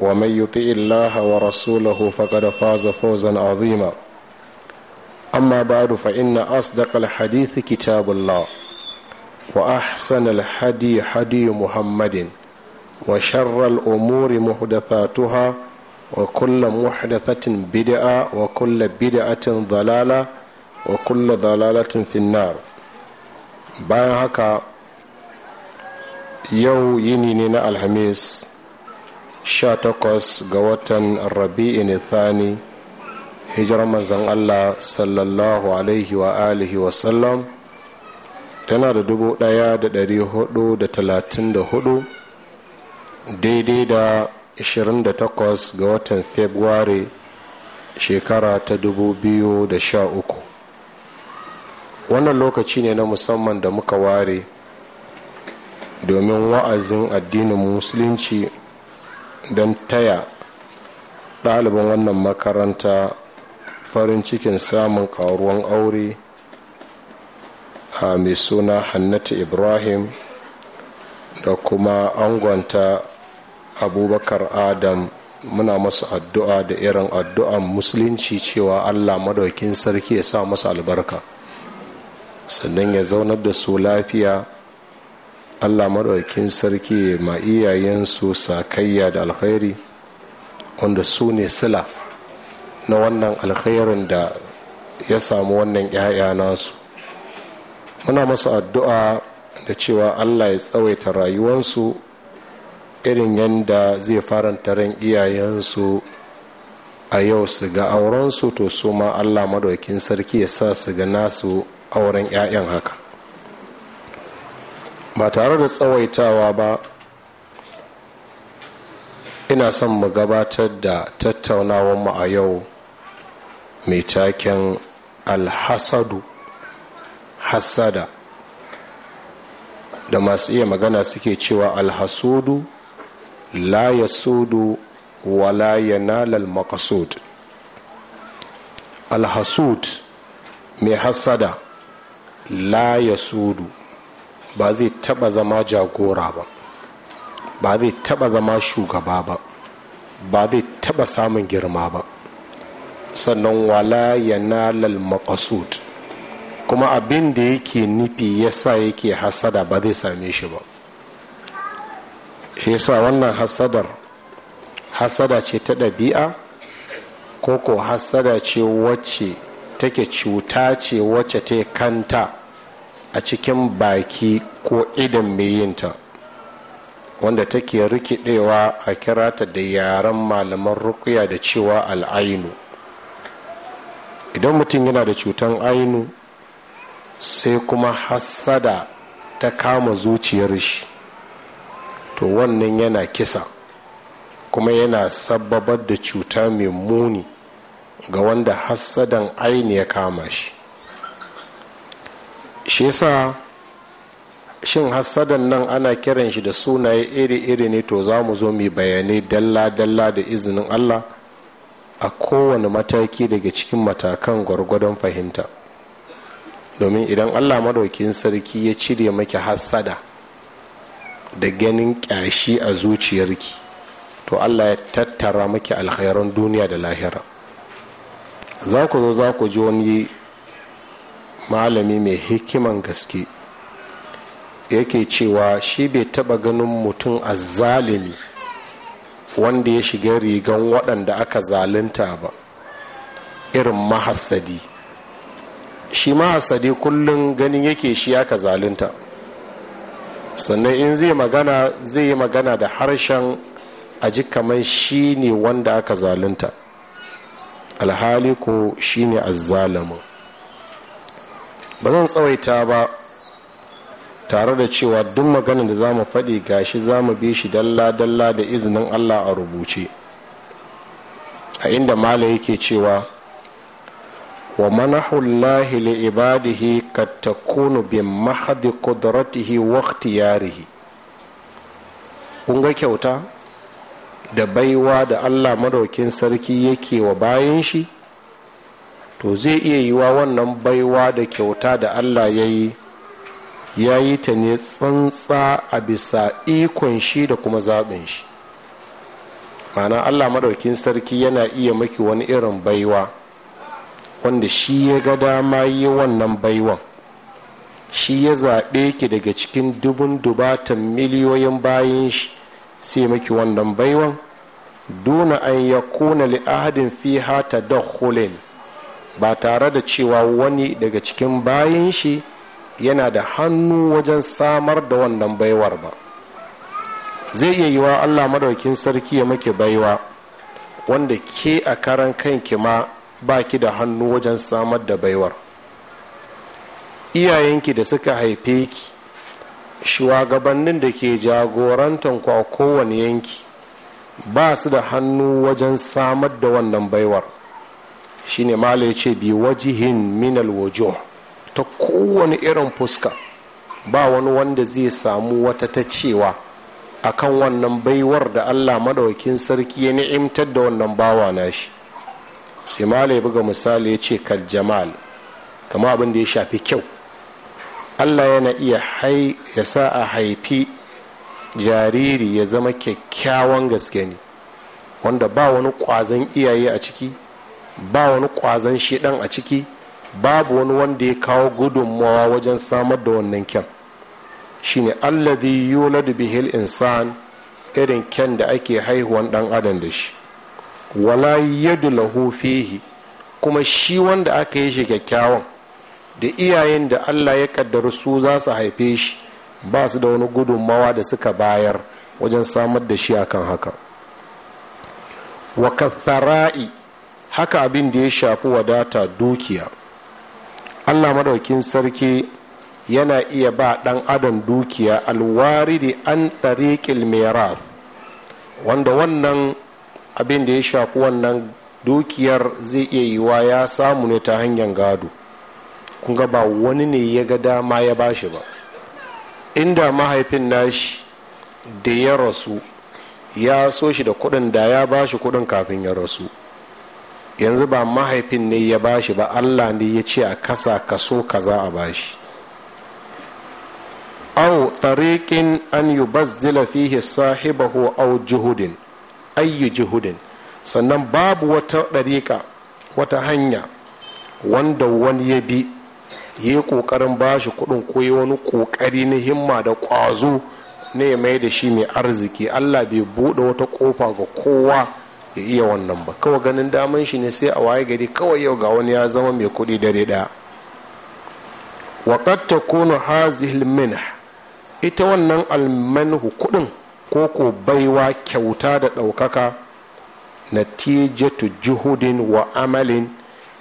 ومن يطع الله ورسوله فقد فاز فوزا عظيما أما بعد فإن أصدق الحديث كتاب الله وأحسن الحدي حدي محمد وشر الأمور محدثاتها وكل محدثة بدعة وكل بدعة ضلالة وكل ضلالة في النار bayan haka yau yini ne na alhamis 18 ga watan rabi'in thani hijirar manzan allah sallallahu alaihi wa alihi sallam tana da hudu daidai da 28 ga watan february shekara ta dubu biyu da sha uku. wannan lokaci ne na musamman da muka ware domin wa'azin addinin musulunci don taya ɗaliban wannan makaranta farin cikin samun ƙaruwan aure a mai suna hannatu ibrahim da kuma angonta abubakar adam muna masu addu'a da irin addu'an musulunci cewa allah madaukin sarki ya sa masu albarka sannan ya zaunar da su lafiya allah maɗaukin sarki ma iyayensu sakayya da alkhairi wanda su ne sila na wannan alkhairin da ya samu wannan 'ya'ya nasu muna masu addu'a da cewa allah ya tsawaita rayuwansu irin yadda zai faranta ran iyayensu a yau su ga aurensu to su ma allah maɗaukin sarki ya sa su ga nasu auren 'ya'yan haka ba tare da tsawaitawa ba ina son mu gabatar da tattaunawanmu a yau mai taken alhasadu hasada da masu iya magana suke cewa alhasudu la ya sudu wa la ya nalal makasud alhasud mai hasada la ya sudu ba zai taba zama jagora ba ba zai taba zama shugaba ba ba zai taba samun girma ba sannan wala yanalal maqasud kuma abin da yake nufi yasa yake hasada ba zai same shi ba shi yasa wannan hasadar hasada ce ta ɗabi'a ko ko hasada ce wacce take cuta ce wacce ta kanta a cikin baki ko idan mai yinta wanda take rikidewa a kirata da yaren malaman rukuya da cewa al'ainu idan mutum yana da cutan ainu sai kuma hassada ta kama zuciyar shi to wannan yana kisa kuma yana sababar da cuta mai muni ga wanda hassadan aini ya kama shi shi yasa shin hassadan nan ana kiran shi da sunaye iri-iri ne to za mu zo mu bayanai dalla-dalla da izinin allah a kowane mataki daga cikin matakan gwargwadon fahimta domin idan allah madaukin sarki ya cire maki hassada da ganin ƙyashi a zuciyarki to allah ya tattara maki alkhairan duniya da lahira za ku zo za ku ji wani malami mai hikiman gaske yake cewa shi bai taba ganin mutum a zalimi wanda ya shiga rigan waɗanda aka zalunta ba irin mahasadi shi mahasadi kullum ganin yake shi aka zalunta sannan in zai magana zai yi magana da harshen a ji kamar shi ne wanda aka zalunta alhali ko shi ne azzalamin ba zan tsawaita ba tare da cewa duk maganin da za mu faɗi gashi za mu bi shi dalla-dalla da izinin allah a rubuce a inda mala yake cewa wa manahullahi liibadihi ibadihi bin takunu bi mahdi qudratihi kun ga kyauta da baiwa da allah madaukin sarki yake wa bayan shi to zai iya yiwa wannan baiwa da kyauta da allah ya yi ya yi ta ne tsantsa a bisa ikon shi da kuma zaɓin shi mana allah maɗaukin sarki yana iya maki wani irin baiwa wanda shi ya ga dama yi wannan baiwan shi ya zaɓe ki daga cikin dubun dubatan miliyoyin bayan shi sai maki wannan baiwan duna an ya kuna li'ahadin fiha ta dakhulin ba tare da cewa wani daga cikin bayan shi yana da hannu wajen samar da wannan baiwar ba zai iya yiwa allah madaukin sarki ya make baiwa wanda ke a karan kanki ma ba ki da hannu wajen samar da baiwar iyayenki da suka haife ki shugabannin da ke jagorantar ku a kowane yanki ba su da hannu wajen samar da wannan baiwar shine mala ya ce bi wajihin minal wajo ta kowane irin fuska ba wani wanda zai samu wata ta cewa akan wannan baiwar da allah madawakin sarki ya ni'imtar da wannan bawa nashi sai mala ya buga misali ya ce kal jamal kama abin da ya shafi kyau allah yana iya ya sa a haifi jariri ya zama kyakkyawan gaske ne wanda ba wani kwazon iyaye a ciki ba wani kwazon shedan a ciki babu wani wanda ya kawo gudunmawa wajen samar da wannan kyan shine allazi yuladu bihil insan irin kyan da ake haihuwan dan adam da shi wala yadu lahu fihi kuma shi wanda aka yi shi kyakkyawan da iyayen da allah ya kaddara su za su haife shi ba su da wani gudunmawa da suka bayar wajen samar da shi akan haka wa kathara'i haka abin da ya shafi wadata dukiya allah madaukin sarki yana iya ba ɗan adam dukiya alwaridi an ɗariƙil mera wanda wannan abin da ya shafi wannan dukiyar zai iya yiwa ya samu ne ta hanyar gado kun ba wani ne ya ga dama ya ba shi ba inda mahaifin nashi da ya rasu ya so shi da kuɗin da ya ba shi kuɗin kafin ya rasu yanzu ba mahaifin ne ya bashi ba allah ne ya ce a kasa kaso kaza a bashi au tsariƙin an yi bazzila fihi sahibahu au jihudin ayyu jihudin sannan babu wata ɗariƙa wata hanya wanda wani ya bi ya yi ƙoƙarin shi kuɗin ko yi wani ƙoƙari na himma da ƙwazo ne mai da shi mai arziki allah bai buɗe wata ƙofa ga kowa ya iya wannan ba kawai ganin daman shi ne sai a waye gari kawai yau ga wani ya zama mai kuɗi dare ɗaya waƙar ta kuna hazihil minah ita wannan almanhu kuɗin ko ko baiwa kyauta da ɗaukaka natijatu juhudin wa amalin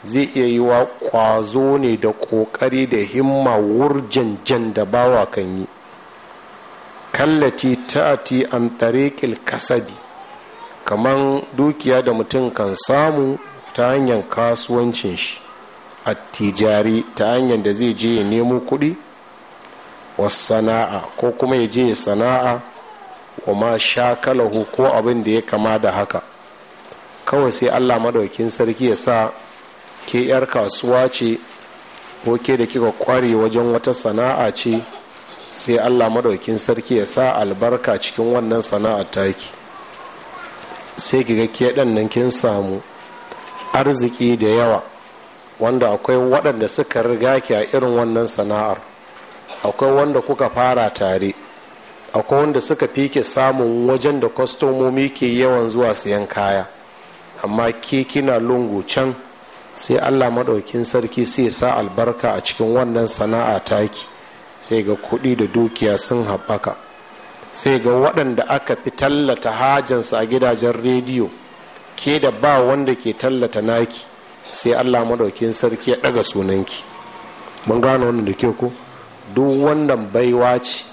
zai iya yi wa kwazo ne da ƙoƙari da himma jan-jan da bawa kan yi kallaci ta'ati an tariƙil kasadi kamar dukiya da mutum kan samu ta hanyar kasuwancin shi a tijari ta hanyar da zai je ya nemo kuɗi wa sana'a ko kuma ya je ya sana'a wa ma shakalahu ko abin da ya kama da haka kawai sai allah madaukin sarki ya sa ke 'yar kasuwa ce ko ke da kika kware wajen wata sana'a ce sai allah madaukin sarki ya sa albarka cikin wannan sana'a taki sai ki ga ke nan kin samu arziki da yawa wanda akwai waɗanda suka riga ki a irin wannan sana'ar akwai wanda kuka fara tare akwai wanda suka fike samun wajen da kwastomomi ke yawan zuwa siyan kaya amma ke kina lungu can sai allah maɗaukin sarki sai sa albarka a cikin wannan sana'a taki sai ga kuɗi da dukiya sun haɓaka sai ga waɗanda aka fi tallata hajjansa a gidajen rediyo ke da ba wanda ke tallata naki sai allah maɗaukin sarki ya ɗaga sunanki mun gano wannan da ke ko duk wannan baiwa ce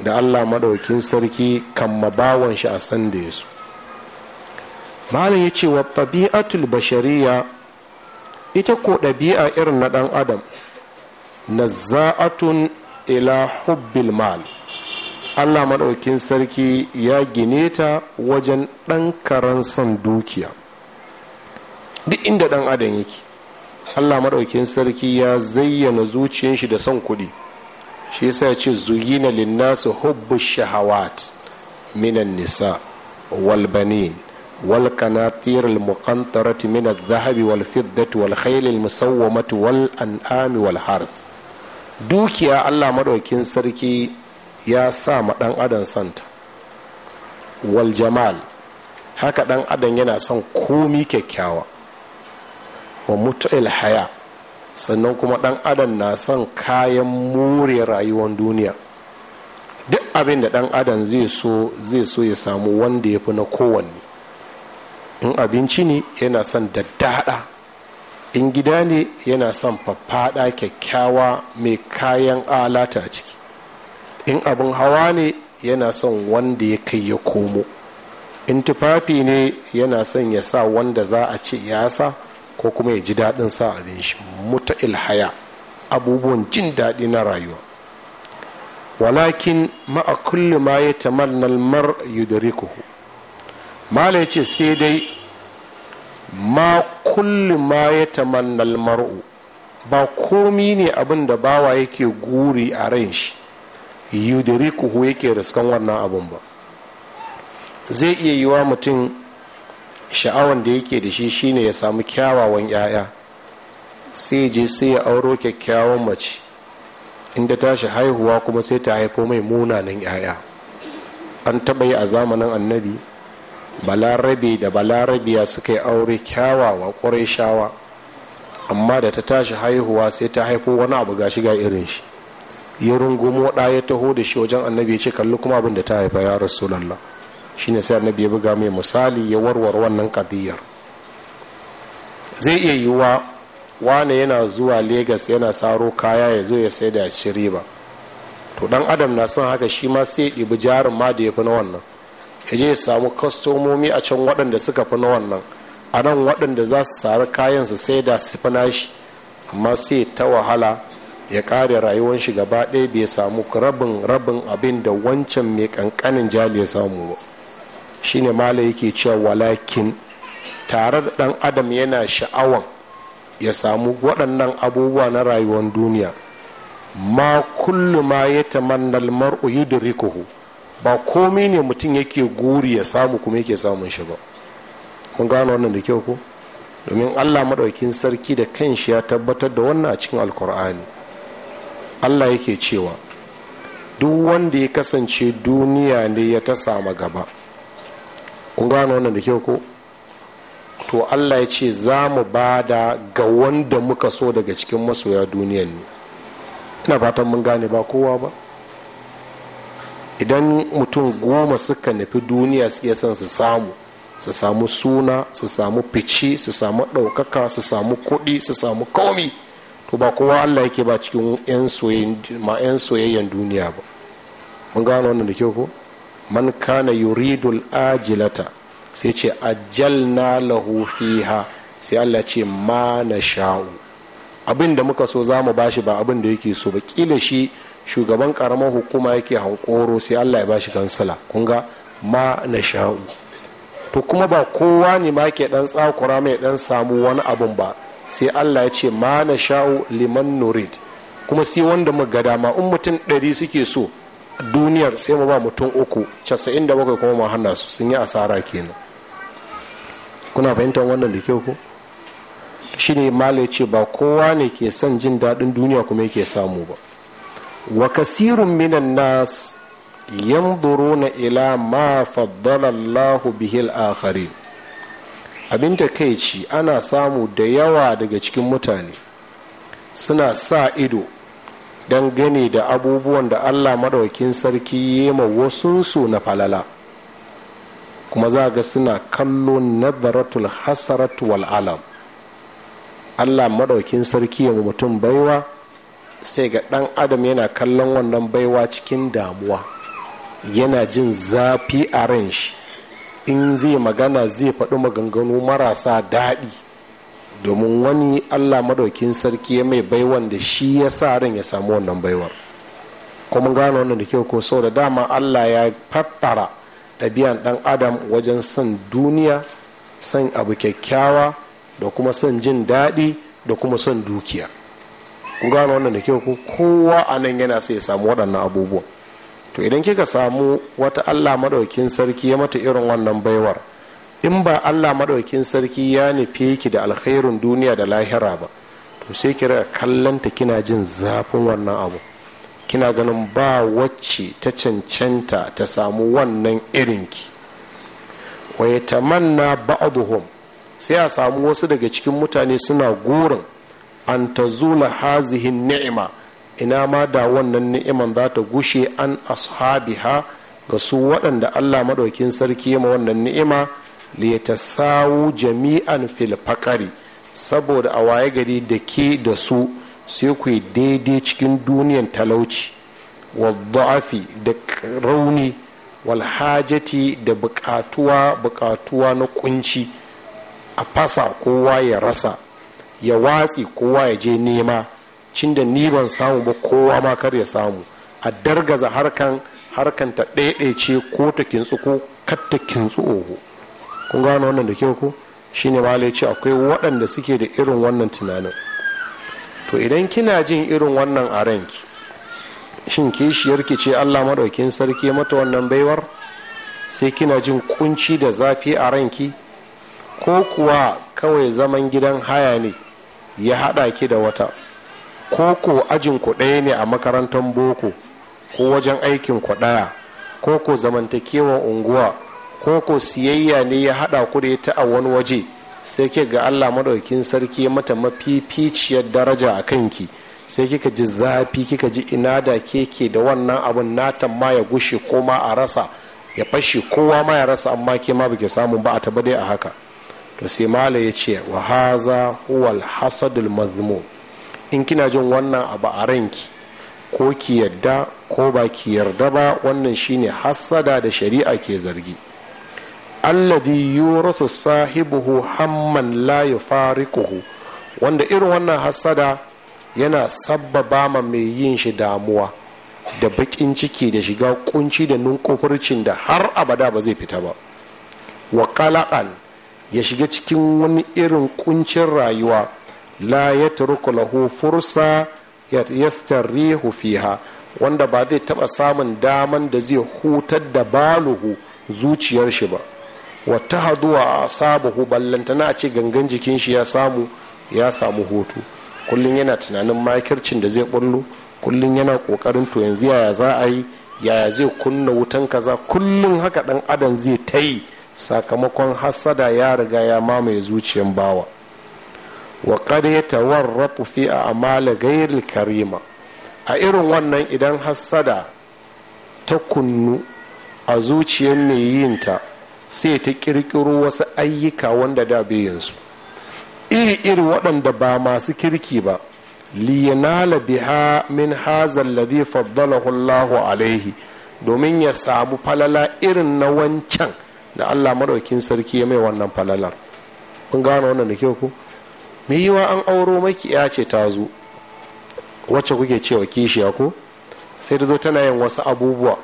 da allah maɗaukin sarki kan mabawan shi a san da ya malam ya ce wa ɗabi'atul bashariya ita ko ɗabi'a irin na ɗan adam nazza'atun ila hubbil mal allah maɗaukin sarki ya gine ta wajen ɗan karan son dukiya duk inda ɗan adam yake allah maɗaukin sarki ya zayyana zuciyar shi da son kuɗi shi yasa ce zuyina linnasu hubbu shahawat minan nisa walbanin wal المقنطرة wal الذهب musawwamat wal an'ami wal والحرث dukiya Allah maɗaukin Sarki. ya sa ma dan adam santa wal jamal haka dan adam yana son komi kyakkyawa wa mutu'il haya sannan kuma dan adam na son kayan more rayuwar duniya duk abin da ɗan adam zai so zai so ya samu wanda ya fi na kowanne in abinci ne yana son daddada in gida ne yana son faffaɗa kyakkyawa mai kayan alata a ciki in abin hawa ne yana son wanda ya kai ya komo in tufafi ne yana son ya sa wanda za a ce ya sa ko kuma ya ji daɗin sa abin shi muta ilhaya abubuwan jin daɗi na rayuwa walakin ma'a kullu ma ya tamannal mar yudrikuhu mala ya ce sai dai ma kullu ma ya tamar nalmar'u ba komi ne abin da bawa yake guri a ran shi yudirikuhu yake riskan wannan abun ba zai iya yi wa mutum sha'awan da yake da shi shine ya samu kyawawan 'ya'ya sai je sai ya auro kyakkyawan mace inda tashi haihuwa kuma sai ta haifo mai munanan 'ya'ya an taɓa yi a zamanin annabi balarabe da balarabiya suka yi aure kyawawa ƙwarai shawa amma da ta tashi haihuwa sai ta haifo wani abu gashi ga irin shi ya rungumo ɗa ya taho da shi wajen annabi ya ce kalli kuma abin da ta haifa ya rasulallah shine sai annabi ya buga mai misali ya warware wannan kadiyar zai iya yiwuwa wane yana zuwa Legas yana saro kaya ya zo ya sai da shiri riba to dan adam na son haka shi ma sai ya ɗibi jarin ma da ya fi na wannan ya je ya samu kwastomomi a can waɗanda suka fi na wannan a nan waɗanda za su sari kayan su sai da su fi nashi amma sai ta wahala ya kare rayuwar shi gaba ɗaya bai samu rabin rabin abin da wancan mai kankanin jali ya samu ba shine mala yake cewa walakin tare da ɗan adam yana sha'awan ya samu waɗannan abubuwa na rayuwar duniya ma kullu ma ya tamannal mar'u yudrikuhu ba komai ne mutum yake guri ya samu kuma yake samun shi ba kun gano wannan da kyau ko domin allah maɗaukin sarki da kanshi ya tabbatar da wannan a cikin alkur'ani allah yake cewa duk wanda ya kasance duniya ne ya ta samu gaba kun gano wannan da kyau ko to allah ya ce za mu ba da ga wanda muka so daga cikin masoya duniyan ne ina fatan mun gane ba kowa ba idan mutum goma suka nufi duniya suke son su samu su samu suna su samu fice su samu ɗaukaka su samu kuɗi su samu komi to ba kowa allah yake ba cikin yan soyayyen duniya ba mun gano wannan da kyau ko man kana yuridul ajilata sai ce ajalna lahu fiha sai allah ce ma na sha'u abin da muka so za mu bashi ba abin da yake so ba kila shi shugaban karamar hukuma yake hankoro sai allah ya bashi kansala kun ga ma na sha'u to kuma ba kowa ne ma ke dan tsakura mai dan samu wani abun ba sai allah ya ce ma na sha'u liman nurid kuma sai wanda mu ga dama in mutum ɗari suke so duniyar sai mu ba mutum uku casa'in da bakwai kuma mu hana su sun yi asara kenan kuna fahimtar wannan da kyau ko shi ne mala ya ce ba kowa ne ke son jin daɗin duniya kuma yake samu ba wa kasirun minan nas yanzuruna ila ma faddala Allahu bihil akharin abin takaici ana samu da yawa daga cikin mutane suna sa ido don gani da abubuwan da allah maɗaukin sarki ma wasunsu na falala kuma za ga suna kallo nazaratul hasarat wal alam allah maɗaukin sarki ya mutum baiwa sai ga ɗan adam yana kallon wannan baiwa cikin damuwa yana jin zafi a ran shi in zai magana zai faɗi maganganu marasa daɗi domin wani allah maɗaukin sarki ya mai baiwan da shi ya sa ran ya samu wannan baiwar kuma gano wannan da kyau ko sau da dama allah ya fattara ɗabi'an ɗan adam wajen son duniya son abu kyakkyawa da kuma son jin daɗi da kuma son dukiya kun gano wannan da kyau ko kowa a nan yana sai ya samu waɗannan abubuwan to idan kika samu wata allah maɗaukin sarki ya mata irin wannan baiwar in ba allah maɗaukin sarki ya nufe ki da alkhairun duniya da lahira ba to sai ki riga kallanta kina jin zafin wannan abu kina ganin ba wacce ta cancanta ta samu wannan irinki ki? ya tamanna ba'aduhum sai a samu wasu daga cikin mutane suna gurin an ta zula hazihin ni'ima ina ma da wannan ni'iman za ta gushe an ashabiha ga su waɗanda allah maɗaukin sarki ma wannan ni'ima sawu jami'an filfakari saboda a waye gari da ke da su sai ku daidai cikin duniyan talauci wadda'afi da rauni walhajati da bukatuwa bukatuwa na kunci a fasa kowa ya rasa ya watsi kowa ya je nema cin da ni ban samu ba kowa ma kar ya samu a dargaza harkan harkan ta ɗaiɗaice ko ta kintsu ko ta kintsu oho kun gano wannan da kyau ko shine ma ce akwai waɗanda suke da irin wannan tunanin to idan kina jin irin wannan a ranki shin kishiyarki ce allah maɗaukin sarki mata wannan baiwar sai kina jin kunci da zafi a ranki ko kuwa kawai zaman gidan haya ne ya haɗa ki da wata ko ko ajin ku ɗaya ne a makarantar boko ko wajen aikin ku ɗaya ko ko zamantakewan unguwa ko ko siyayya ne ya haɗa ku da ta a wani waje sai ke ga allah maɗaukin sarki ya mata mafificiyar daraja a kanki sai kika ji zafi kika ji ina da keke da wannan abun nata ma ya gushe ko ma a rasa ya fashe kowa ma ya rasa amma ke ma baki samu ba a taba dai a haka to sai mala ya ce wa haza huwal hasadul mazmum in kina jin wannan abu a ranki ko ki yadda ko ba ki yarda ba wannan shine hassada da shari'a ke zargi alladhi yurathu sahibuhu hamman la yufariquhu wanda irin wannan hassada yana sabbaba ma mai yin shi damuwa da bakin ciki da shiga kunci da nunkufurcin da har abada ba zai fita ba wa ya shiga cikin wani irin kuncin rayuwa la yatruku lahu fursa yastarrihu fiha wanda ba zai taba samun daman da zai hutar da baluhu zuciyar shi ba wata haduwa a sabahu ballantana a ce gangan jikin shi ya samu ya samu hutu kullum yana tunanin makircin da zai bullo kullum yana kokarin to yanzu yaya za a yi yaya zai kunna wutan kaza kullum haka dan adam zai ta yi sakamakon hasada ya riga ya mamaye zuciyan bawa wa kada ya tawarratu fi a amala gairil karima a irin wannan idan hassada ta kunnu a zuciyar mai yinta sai ta kirkiro wasu ayyuka wanda da su iri-iri waɗanda ba masu kirki ba liyanala biha min hazal ladhi faddalahu Allahu alaihi domin ya samu falala irin na wancan da Allah maɗaukin sarki ya mai wannan falalar kun gane wannan da kyau ku mai yiwa an auro maki ya ce ta zo wacce kuke cewa kishiya ko sai ta zo tana yin wasu abubuwa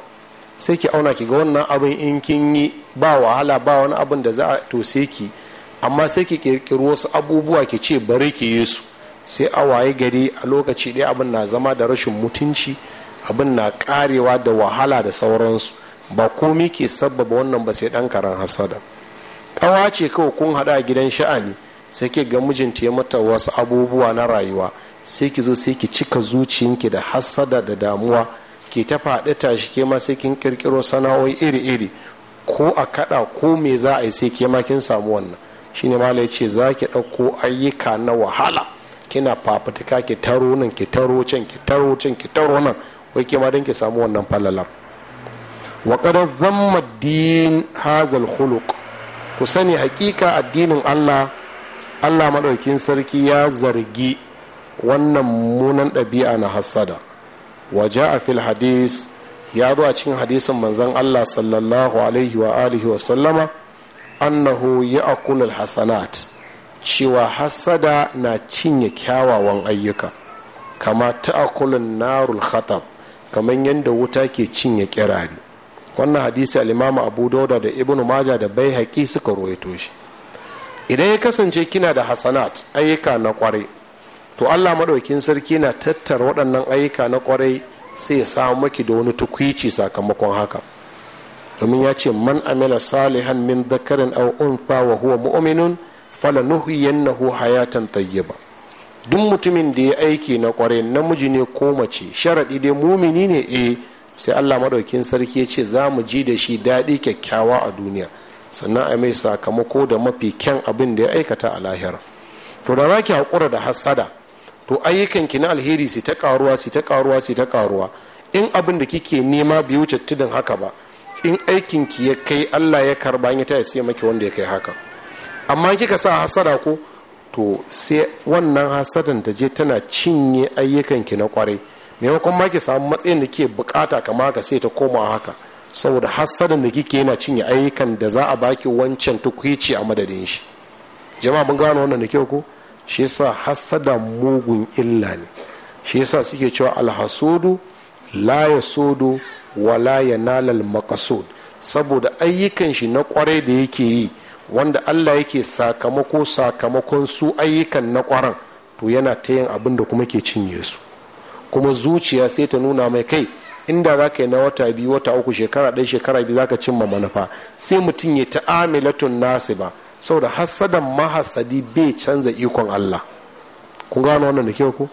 sai ki auna ki ga wannan abin in kin yi ba wahala ba wani abin da za a to sai ki amma sai ki kirkiri wasu abubuwa ki ce bari ki yi su sai a waye gari a lokaci ɗaya abin na zama da rashin mutunci abin na karewa da wahala da sauransu ba komi ke sabbaba wannan ba sai ɗan karan hasada ƙawa ce kawai kun haɗa gidan sha'ani sai ke ga mijinta ya mata wasu abubuwa na rayuwa sai ki zo sai ki cika zuciyanki da hassada da damuwa ki ta faɗi tashi ke ma sai kin kirkiro sana'o'i iri-iri ko a kaɗa ko me za a yi sai ke ma kin samu wannan shine ma ya ce za ki ɗauko ayyuka na wahala kina fafutuka ki taro nan ki taro can ki taro can ki taro nan wai ke ma don ki samu wannan falalar wa kadar zamma din hazal khuluq ku sani hakika addinin Allah allah maɗaukin sarki ya zargi wannan munan ɗabi'a na hassada waje a fil hadis ya zo a cikin hadisin manzon allah sallallahu alaihi wa alihi wa sallama annahu ya akulul hasanat cewa hassada na cinye kyawawan ayyuka kama ta'akulun narul khatab kamar yadda wuta ke cinye kirari wannan hadisi al abu dauda da ibnu maja da bai suka roye shi idan ya kasance kina da hasanat ayyuka na kwarai to allah maɗaukin sarki na tattara waɗannan ayyuka na kwarai sai ya samu maki da wani tukwici sakamakon haka domin ya ce man amila salihan min dhakarin aw untha wa huwa mu'minun falanuhyiyannahu hayatan tayyiba duk mutumin da ya aiki na kwarai namiji ne ko mace sharaɗi dai mumini ne eh sai allah maɗaukin sarki ya ce za mu ji da shi daɗi kyakkyawa a duniya sannan a mai sakamako da mafi kyan abin da ya aikata a lahira to da raki haƙura da hasada to ayyukan ki na alheri su ta karuwa su ta karuwa su ta karuwa in abin da kike nema bai wuce tudun haka ba in aikin ki ya kai Allah ya karba ya ta sai maki wanda ya kai haka amma kika sa hasada ko to sai wannan hasadan ta je tana cinye ayyukan ki na kwarai maimakon ma ki samu matsayin da ke bukata kama haka sai ta koma haka saboda hassadan da kike yana cinye ayyukan da za a baki wancan tukwici a madadin shi jama'a mun gano wannan da kyau ko shi yasa hassada mugun illa ne shi yasa suke cewa alhasudu la yasudu wa la maqsud saboda ayyukan shi na kwarai da yake yi wanda Allah yake sakamako sakamakon su ayyukan na kwaran to yana ta yin abin da kuma ke cinye su kuma zuciya sai ta nuna mai kai inda za ka yi na wata biyu wata uku shekara ɗaya shekara biyu za ka cimma manufa sai mutum ya ta'amilatun nasi ba saboda hasadan mahasadi bai canza ikon allah kun gano wannan da kyau ku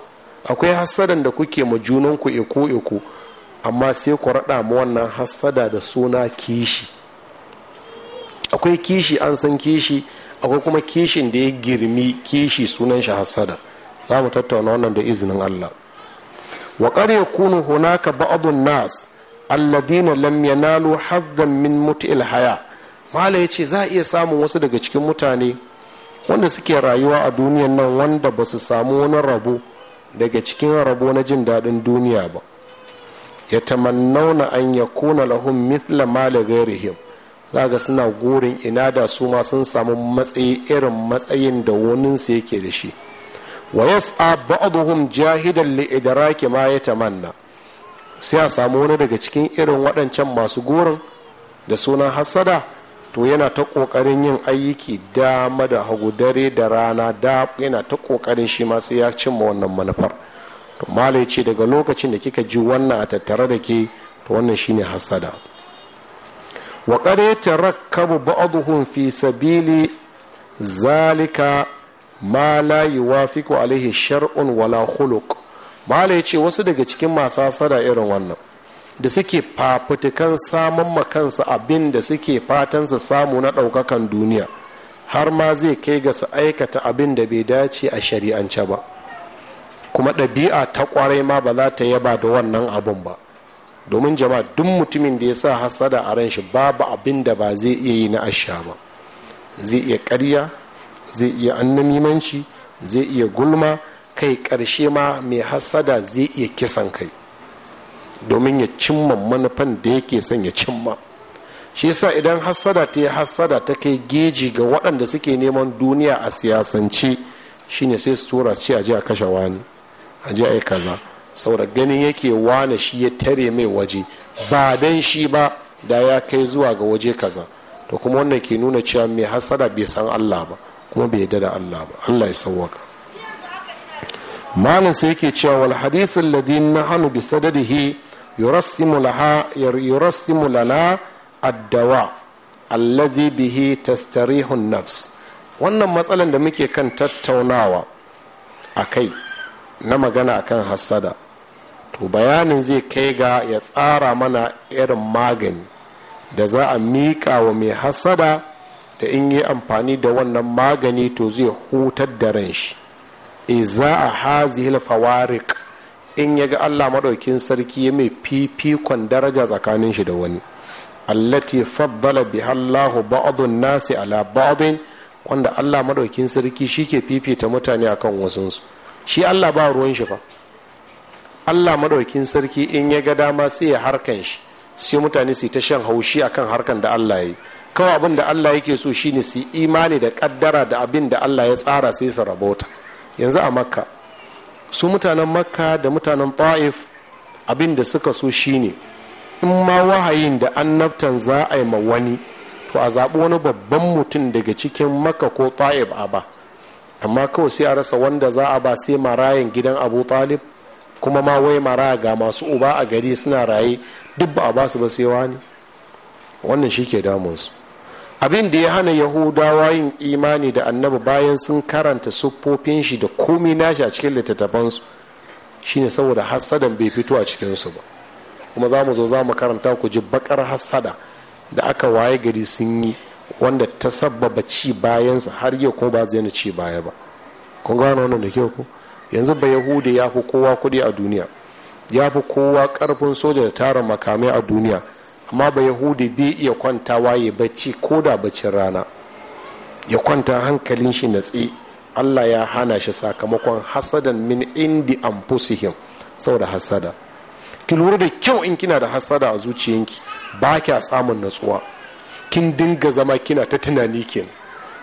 akwai hasadan da kuke ma junanku eko eko amma sai ku raɗa ma wannan hasada da suna kishi akwai kishi an san kishi akwai kuma kishin da ya girmi kishi sunan shi hasada za mu tattauna wannan da izinin allah wa qad yakunu hunaka ba'adun nas alladina lam yanalu haddan min mut'il haya mala ce za a iya samun wasu daga cikin mutane wanda suke rayuwa a duniyan nan wanda ba su samu wani rabo daga cikin rabo na jin daɗin duniya ba ya tamannauna an ya kuna lahum mitla ma la ghairihim ga suna gorin ina da su ma sun samu matsayi irin matsayin da waninsu yake da shi wa yas'a ba'dhum jahidan li idraki ma yatamanna sai a samu wani daga cikin irin waɗancan masu gorin da sunan hasada to yana ta ƙoƙarin yin ayyuki dama da hagu dare da rana da yana ta ƙoƙarin shi masu ya cimma wannan manufar to malai ce daga lokacin da kika ji wannan a tattare da ke to wannan shine hasada wa qad yatarakkabu ba'dhum fi sabili zalika ma la yuwafiqu alaihi shar'un wala khuluq mala yace wasu daga cikin masu hasada irin wannan da suke fafutukan samun makansa abin da suke fatan su samu na ɗaukakan duniya har ma zai kai ga su aikata abin da bai dace a shari'ance ba kuma ɗabi'a ta ƙwarai ma ba za ta yaba da wannan abin ba domin jama'a duk mutumin da ya sa hasada a ran shi babu abin da ba zai iya yi na asha ba zai iya karya. zai iya annamimanci zai iya gulma kai ƙarshe ma mai hasada zai iya kisan kai domin ya cimma manufan da yake son ya cimma shi yasa idan hassada ta yi hassada ta kai geji ga waɗanda suke neman duniya a siyasance shine sai su tura ce a ji a kashe wani a ji a yi kaza saura ganin yake wane shi ya tare mai waje ba dan shi ba da ya kai zuwa ga waje kaza to kuma wannan ke nuna cewa mai hassada bai san allah ba kuma bai yadda da Allah ba Allah ya sauwaka malam sai yake cewa wal hadithul na nahnu bi sadadihi yurassimu laha lana ad-dawa bihi tastarihu an-nafs wannan matsalan da muke kan tattaunawa a kai na magana akan hassada to bayanin zai kai ga ya tsara mana irin magani da za a miƙa wa mai hassada da in yi amfani da wannan magani to zai hutar da ran shi za a hazihil fawarik in ya ga allah maɗaukin sarki ya mai fifikon daraja tsakanin shi da wani allati faddala bi allahu ba'adun nasi ala ba'adun wanda allah maɗaukin sarki shi ke fifita mutane akan wasunsu shi allah ba ruwan shi fa allah maɗaukin sarki in ya ga dama sai ya harkan shi sai mutane su ta shan haushi akan harkan da allah ya yi kawai abin da Allah yake so shine su imani da kaddara da abin da Allah ya tsara sai su rabota yanzu a makka su mutanen makka da mutanen ta'if abin da suka so shine in ma wahayin da annabtan za a yi ma wani to a zaɓi wani babban mutum daga cikin makka ko ta'if a ba amma kawai sai a rasa wanda za a ba sai marayan gidan abu talib kuma ma wai maraya ga masu uba a gari suna raye duk ba a ba su ba sai wani wannan shi ke damunsu abin da ya hana yahudawa yin imani da annabi bayan sun karanta siffofin shi da komi nashi a cikin littattafansu shine saboda hassadan bai fito a cikinsu ba kuma za mu zo za mu karanta ku ji bakar hassada da aka waye gari sun yi wanda ta sabbaba ci bayansa har yau ko ba zai ci baya ba kun gano wannan da kyau ku yanzu ba yahudi ya fi kowa kuɗi a duniya ya fi kowa karfin soja da tara makamai a duniya amma ba yahudi bai iya kwantawa ya bacci ko da baccin rana ya kwanta hankalin shi natsi allah ya hana shi sakamakon hasadan min indi anfusihim saboda hasada ki lura da kyau in kina da hasada a zuciyanki ba kya samun natsuwa kin dinga zama kina ta tunani kin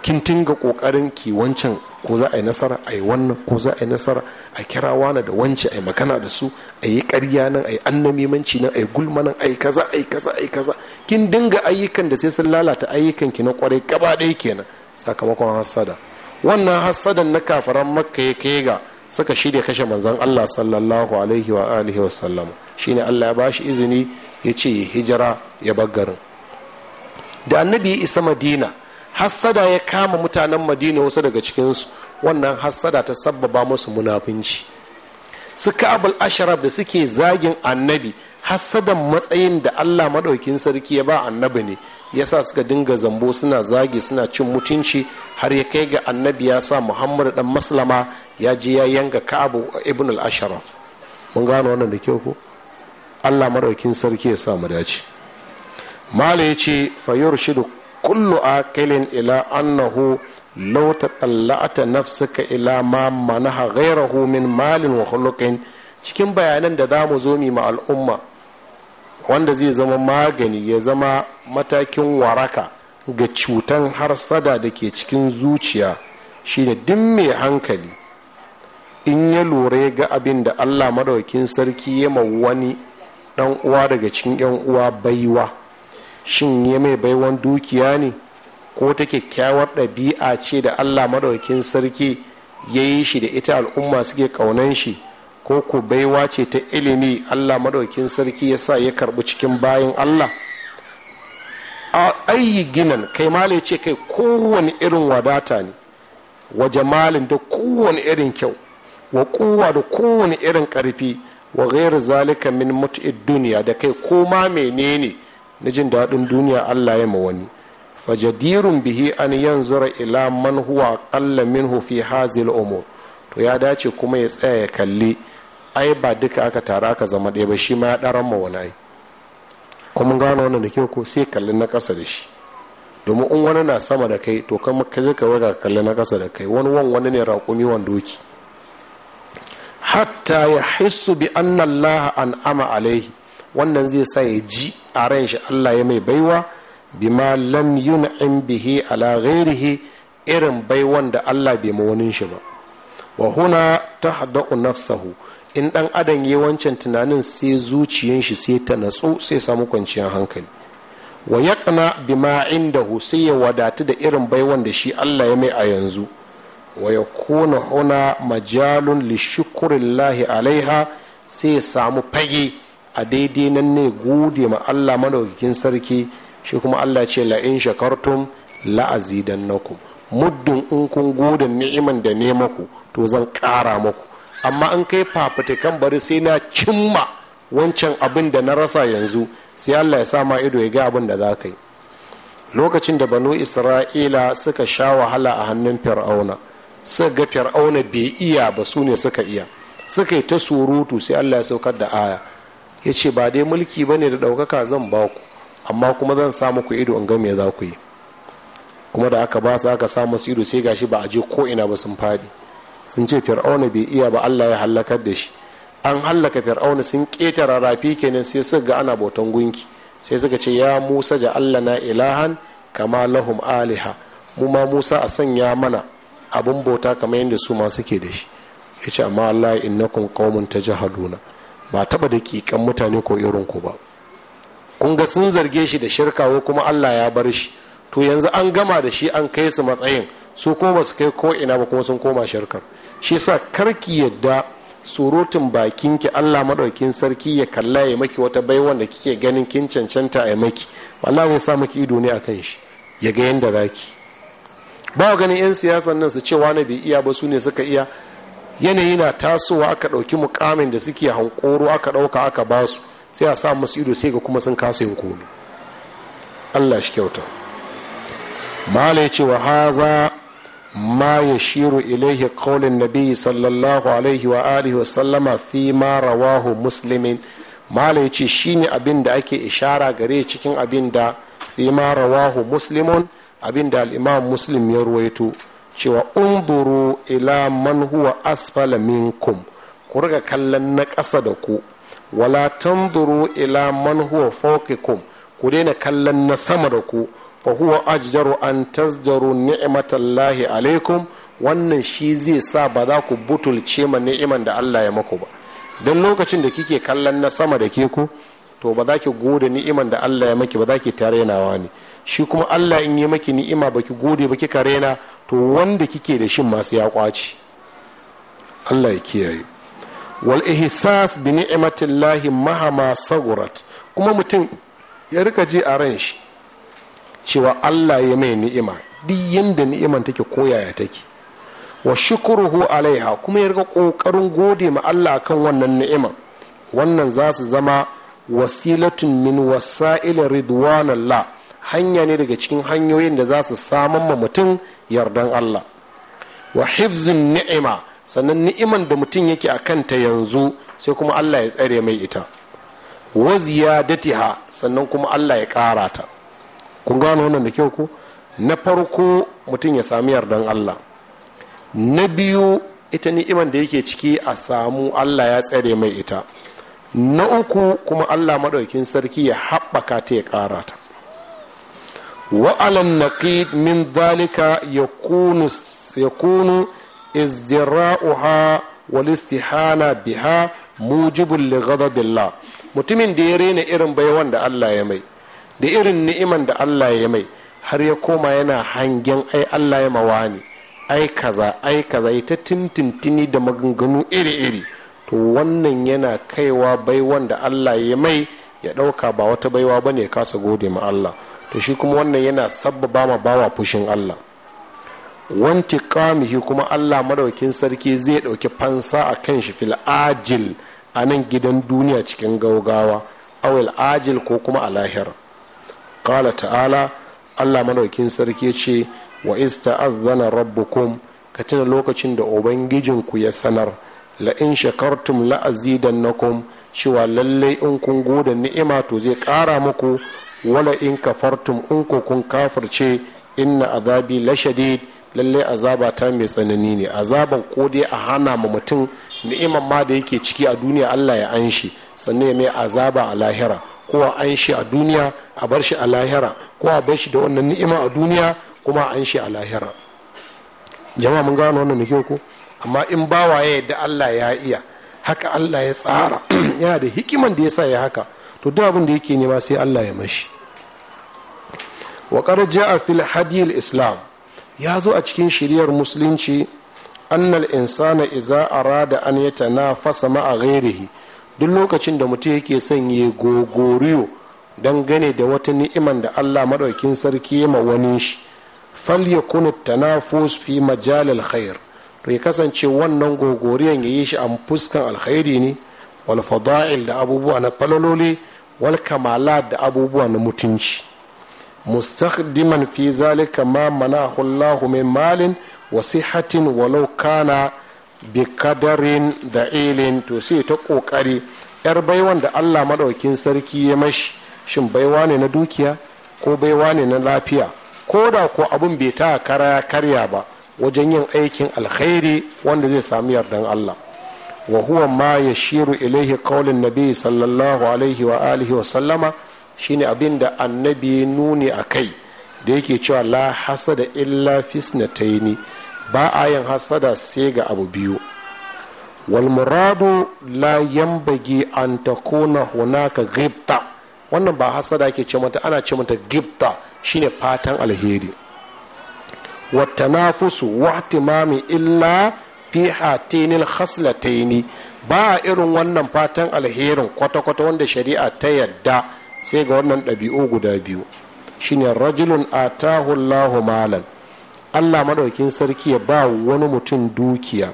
kin dinga kokarin ki wancan ko za a yi nasara a yi wannan ko za a yi nasara a kira wani da wance a yi makana da su a yi karya nan a yi annamimanci nan a yi gulma nan a yi kaza a yi kaza a yi kaza kin dinga ayyukan da sai sun lalata ayyukan ki na kwarai gaba ɗaya kenan sakamakon hassada wannan hassadan na kafaran makka ya kai ga suka shirya kashe manzon Allah sallallahu alaihi wa alihi wa sallam shine Allah ya bashi izini ya ce hijira ya bar garin da annabi ya isa madina hassada ya kama mutanen madina wasu daga cikinsu wannan hassada ta sabbaba musu munafunci su kabul asharaf da suke zagin annabi hassadan matsayin da allah maɗaukin sarki ya ba annabi ne ya sa suka dinga zambo suna zagi suna cin mutunci har ya kai ga annabi ya sa muhammadu dan maslama ya ji ya yanga ka'abu ibn al-asharaf mun gano wannan da kyau ko allah maɗaukin sarki ya sa mu dace mala ya ce fayur shidu kullu akilin ila annahu law tatalla'ata nafsaka ila ma manaha min malin wa khuluqin cikin bayanan da za mu zo mi ma al'umma wanda zai zama magani ya zama matakin waraka ga cutan harsada da ke cikin zuciya shine duk mai hankali in ya lura ga abin da allah madaukin sarki ya ma wani dan uwa daga cikin yan uwa baiwa shin ya mai baiwan dukiya ne ko ta kyakkyawar ɗabi'a ce da allah maɗaukin sarki ya yi shi da ita al'umma suke ƙaunan shi ko ku baiwa ce ta ilimi allah maɗaukin sarki ya sa ya karɓi cikin bayan allah a ayi ginan kai male ce kai kowane irin wadata ne wa jamalin da kowane irin kyau wa kowa da kowane irin ƙarfi wa gairar zalika min mutu'id duniya da kai koma menene na jin daɗin duniya allah ya ma wani fajadirun bihi an yanzura ila man huwa qalla minhu fi hazil umur to ya dace kuma ya tsaya ya kalli ai ba duka aka tara aka zama ɗaya ba shi ma ya ɗaran ma wani kuma gano wannan da kyau ko sai kalli na ƙasa da shi domin in wani na sama da kai to kan ka je waga kalli na ƙasa da kai wani wan wani ne raƙumi wan doki hatta ya hissu bi annallaha an an'ama alaihi wannan zai sa ya ji a ran shi Allah ya mai baiwa bima lam yun'im bihi ala ghairihi irin baiwan da Allah bai ma wani shi ba wa huna tahda'u nafsahu in dan adam yi wancan tunanin sai zuciyan shi sai ta natsu sai samu kwanciyar hankali wa yaqna bima indahu sai ya wadatu da irin baiwan da shi Allah ya mai a yanzu wa kona huna majalun li shukrillahi alaiha sai ya samu fage a daidai nan ne gode ma Allah madaukakin sarki shi kuma Allah ce la in shakartum la azidannakum muddin in kun gode ni'iman da ne maku to zan ƙara maku amma an kai fafutukan bari sai na cimma wancan abin da na rasa yanzu sai Allah ya sa ma ido ya ga abin da za ka yi lokacin da banu isra'ila suka sha wahala a hannun fir'auna suka ga fir'auna bai iya ba su ne suka iya suka yi ta surutu sai Allah ya saukar da aya ya ce ba dai mulki ba ne da ɗaukaka zan ba ku amma kuma zan sa muku ido in ga me za ku yi kuma da aka ba su aka sa musu ido sai gashi ba a je ko ina ba sun fadi sun ce fir'auna bai iya ba allah ya hallakar da shi an hallaka fir'auna sun ƙetare rafi kenan sai suka ga ana bautan gunki sai suka ce ya musa ja allah na ilahan kama lahum aliha mu ma musa a sanya mana abin bauta kamar yadda su ma suke da shi ya ce amma allah ta qaumun tajhaluna ba taba da kikan mutane ko irin ku ba kun ga sun zarge shi da shirka ko kuma Allah ya bar shi to yanzu an gama da shi an kai su matsayin su kuma ba su kai ko ina ba kuma sun koma shirkar shi sa karki yadda surutun bakin ki Allah madaukin sarki ya kalla ya maki wata baiwan da kike ganin kin cancanta a maki wallahi ya sa maki ido ne akan shi ya ga yanda zaki ba ganin yan siyasan nan su ce wani bai iya ba su ne suka iya yanayi na tasowa aka ɗauki mukamin da suke hankoro aka ɗauka aka ba su sai a sa musu ido sai ga kuma sun kasa yin komi allah shi kyauta mala ya ce wa haza ma ya shiru ilaihi kaulin nabi sallallahu alaihi wa alihi wasallama fi ma rawahu muslimin mala ya ce shi ne abin da ake ishara gare cikin abin da fi ma rawahu muslimun abin da al'imam muslim ya ruwaito cewa unduru ila man huwa asfala minkum ku riga kallon na ƙasa da ku wala tanzuru ila man huwa fawqikum ku daina kallon na sama da ku fa huwa ajjaru an tazjaru ni'matallahi alaikum wannan shi zai sa ba za ku butulce ma ni'iman da Allah ya maku ba don lokacin da kike kallon na sama da ke ku to ba za ki gode ni'iman da Allah ya maki ba za ki tare nawa ne shi kuma Allah in yi maki ni'ima baki gode baki karena to wanda kike da shin masu ya kwaci Allah ya kiyaye wal ihsas bi ni'matillahi mahama sagurat kuma mutum ya rika ji a ran shi cewa Allah ya mai ni'ima duk yanda ni'iman take koyaya take wa shukruhu alaiha kuma ya rika kokarin gode ma Allah kan wannan ni'iman wannan za su zama wasilatun min wasa'il ridwanallah hanya ne daga cikin hanyoyin da za su samun ma mutum yardan Allah wa hifzin ni'ima sannan ni'iman da mutum yake a kanta yanzu sai kuma Allah ya tsare mai ita wa ziyadatiha sannan kuma Allah ya ƙara ta kun gano wannan da kyau ku na farko mutum ya sami yardan Allah na biyu ita ni'iman da yake ciki a samu Allah ya tsare mai ita na uku kuma Allah maɗaukin sarki ya haɓaka ta ya ƙara ta وعلى النقيض من ذلك يكون يكون ازدراؤها والاستحالة بها موجب لغضب الله mutumin da ya rena irin baiwan da Allah ya mai da irin ni'iman da Allah ya mai har ya koma yana hangen ai Allah ya mawa ne ai kaza ai kaza ya ta tintintini da maganganu iri-iri to wannan yana kaiwa baiwan da Allah ya mai ya ɗauka ba wata baiwa ba ne ya kasa gode ma Allah to shi kuma wannan yana sabbaba ma bawa fushin Allah wanti kamihi kuma Allah madaukin sarki zai ɗauki fansa a kan shi fil ajil a nan gidan duniya cikin gaugawa awil ajil ko kuma a lahira kala ta'ala Allah madaukin sarki ce wa ista'azzana rabbukum ka tuna lokacin da ubangijinku ya sanar la in shakartum la azidannakum cewa lallai in kun goda ni'ima to zai kara muku wala in kafartum in ko kun kafirce inna azabi lashadid lallai azaba ta mai tsanani ne azaban ko dai a hana ma mutum ni'iman ma da yake ciki a duniya Allah ya anshi sannan ya mai azaba a lahira ko a anshi a duniya a bar shi a lahira ko a bar shi da wannan ni'ima a duniya kuma a anshi a lahira jama'a mun gano wannan nake ko amma in bawa ya yadda Allah ya iya haka Allah ya tsara yana da hikiman da ya sa ya haka to duk abin da yake nema sai Allah ya mashi waƙar ƙarja a fil hadiyar islam ya zo a cikin shiriyar musulunci annal insana iza rada an ya tana fasa a duk lokacin da mutum yake son ya gogoriyo don gane da wata ni'iman da allah maɗaukin sarki ya ma wani shi fal ya kuna tanafus fi majal alkhair to ya kasance wannan gogoriyan ya yi shi a fuskan alkhairi ne wal fada'il da abubuwa na falololi wal kamala da abubuwa na mutunci mustakdiman fi zalika ma manahu Allahu min malin wa hatin walau kana bi kadarin da ilin to sai ta kokari yar baiwan da Allah maɗaukin sarki ya mashi shin baiwa ne na dukiya ko baiwa ne na lafiya ko da ko abun bai ta karaya karya ba wajen yin aikin alkhairi wanda zai sami yardan Allah wa huwa ma yashiru ilaihi qaulin nabi sallallahu alaihi wa alihi wa sallama shine abin da annabi ya nuni a kai da yake cewa la hasada illa ni ba a yin hasada sai ga abu biyu wal muradu la yambagi an ta kona hunaka gipta wannan ba hasada ke ce mata ana ce mata gipta shine fatan alheri Wata na wa ihtimami illa fi hatinil khaslataini ba a irin wannan fatan alherin kwata-kwata wanda shari'a ta yadda sai ga wannan ɗabi'u guda biyu shine rajulun atahu Allahu malan Allah maɗaukin sarki ya ba wani mutum dukiya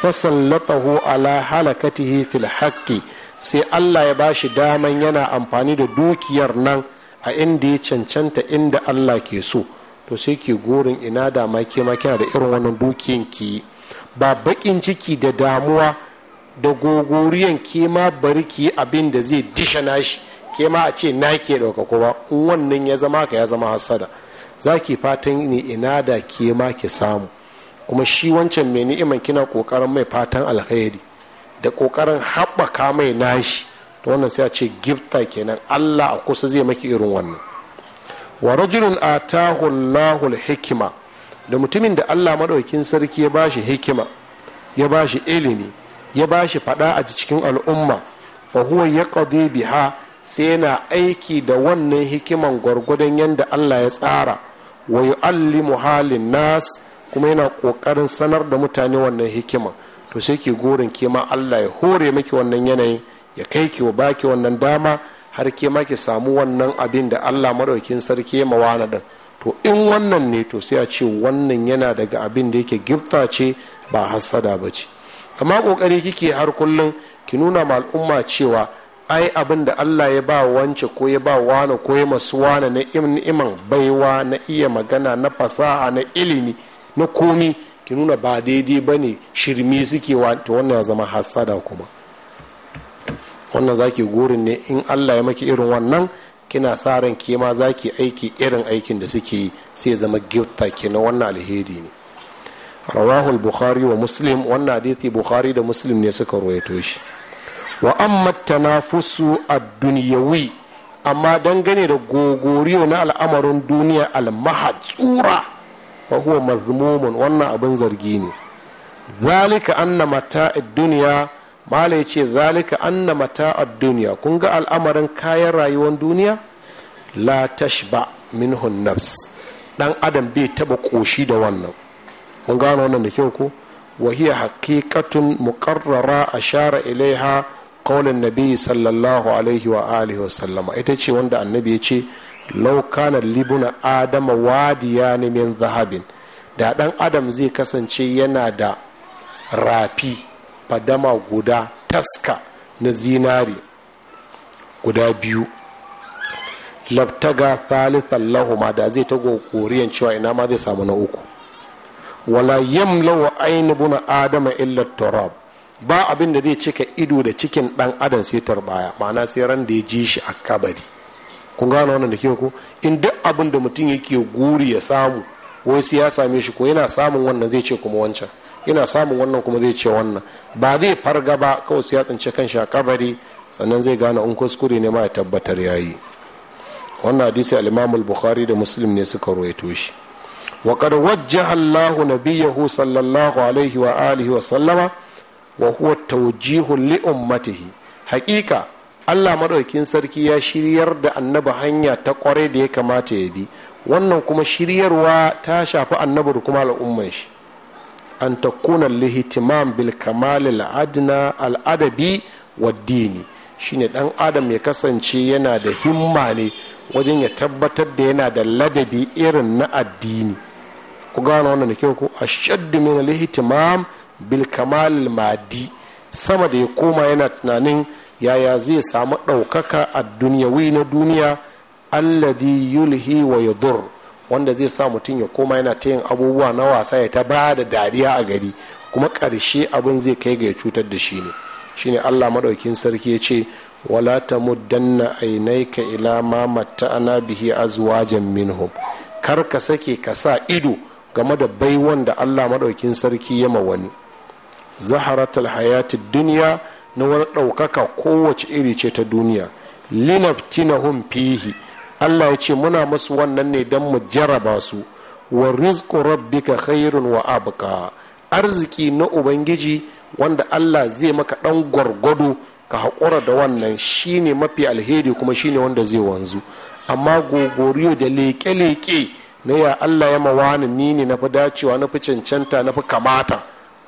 fasallatahu ala halakatihi fil haqqi sai Allah ya bashi daman yana amfani da dukiyar nan a inda ya cancanta inda Allah ke so to sai ke gorin ina da ma ke kina da irin wannan dukiyan ki ba bakin ciki da damuwa da gogoriyan ke ma bari ki abin da zai dishe nashi ke ma a ce na ke ɗauka ko ba in wannan ya zama ka ya zama hasada za ki fatan ni ina da ke ma ki samu kuma shi wancan mai ni'iman kina ƙoƙarin mai fatan alkhairi da ƙoƙarin haɓaka mai nashi to wannan sai a ce gifta kenan allah a kusa zai maki irin wannan wa rajulun atahu allahu hikima da mutumin da allah maɗaukin sarki ya bashi hikima ya bashi ilimi ya bashi fada a cikin al'umma fa huwa yaqdi biha sai yana aiki da wannan hikiman gwargwadon yadda Allah ya tsara wa yu'allimu halin nas kuma yana kokarin sanar da mutane wannan hikiman to sai ki gorin ke ma Allah ya hore miki wannan yanayin ya kai ki wa baki wannan dama har ke ma ki samu wannan abin da Allah maraukin sarki ya mawana din to in wannan ne to sai a ce wannan yana daga abin da yake gifta ce ba hasada ba ce amma kokari kike har kullum ki nuna ma al'umma cewa ai abin da Allah ya ba wance ko ya ba wani ko ya masu wani na iman baiwa na iya magana na fasaha na ilimi na komi ki nuna ba daidai ba ne shirme suke wata wannan zama hasada kuma wannan zaki gurin ne in Allah ya maki irin wannan kina sa ran ke ma zaki aiki irin aikin da suke yi sai ya zama gifta na wannan alheri ne rawahul bukhari wa muslim wannan hadithi bukhari da muslim ne suka ruwaito shi wa amma tanafusu ad-dunyawi amma dangane da gogoriyo na al'amarin duniya al-mahatsura fa huwa wannan abin zargi ne zalika anna mata'id duniya mala ce zalika anna mata'ad duniya kun ga al'amarin kayan rayuwar duniya la tashba minhun nafs dan adam bai taba koshi da wannan kun gano wannan da kyau ko wa hiya haqiqatun muqarrara ashara ilaiha qaulin nabi sallallahu alaihi wa alihi wa sallama ita ce wanda annabi ya ce law kana libuna adama wadiya ne min zahabin da dan adam zai kasance yana da rafi fadama guda taska na zinari guda biyu labtaga thalithan lahuma da zai ta koriyan cewa ina ma zai samu na uku wala yamlawa ainihin adama illa turab ba abin da zai cika ido da cikin dan adam sai tarbaya ma'ana sai ran da ya ji shi a kabari kun gano wannan da ku in duk abin da mutum yake guri ya samu wai sai ya same shi ko yana samun wannan zai ce kuma wancan yana samun wannan kuma zai ce wannan ba zai farga ba kawai sai ya tsinci kanshi a kabari sannan zai gane in kuskure ne ma ya tabbatar yayi wannan hadisi al-Imam bukhari da Muslim ne suka ruwaito shi wa qad wajjaha Allahu nabiyahu sallallahu alaihi wa alihi wa sallama wa huwa tawjihu li ummatihi haƙiƙa Allah madaukin sarki ya shiryar da annabi hanya ta kware da ya kamata ya bi wannan kuma shiryarwa ta shafi annabi da kuma al'umman shi an takuna lihitimam bil kamal al al'adabi wa dini shine dan adam ya kasance yana da himma ne wajen ya tabbatar da yana da ladabi irin na addini ku gane wannan da kyau ko ashaddu min al-ihtimam bilkamal madi sama da ya koma yana tunanin yaya zai samu ɗaukaka a duniyawi na duniya alladhi yulhi wa yadur wanda zai sa mutum ya koma yana ta yin abubuwa na wasa ya ta ba da dariya a gari kuma ƙarshe abin zai kai ga ya cutar da shi ne shine allah maɗaukin sarki ya ce wala ta muddanna ainaika ila ma matta'ana bihi azwajan minhum kar ka sake ka sa ido game da baiwan da allah maɗaukin sarki ya ma wani tal hayatid duniya na wani ɗaukaka kowace iri ce ta duniya linaftinahum fihi Allah ya ce muna masu wannan ne don mu jaraba su wa rizqu rabbika khairun wa abqa arziki na ubangiji wanda Allah zai maka ɗan gwargwado ka haƙura da wannan shine mafi alheri kuma shine wanda zai wanzu amma gogoriyo da leke-leke na ya Allah ya mawani ni ne na fi dacewa na fi cancanta na fi kamata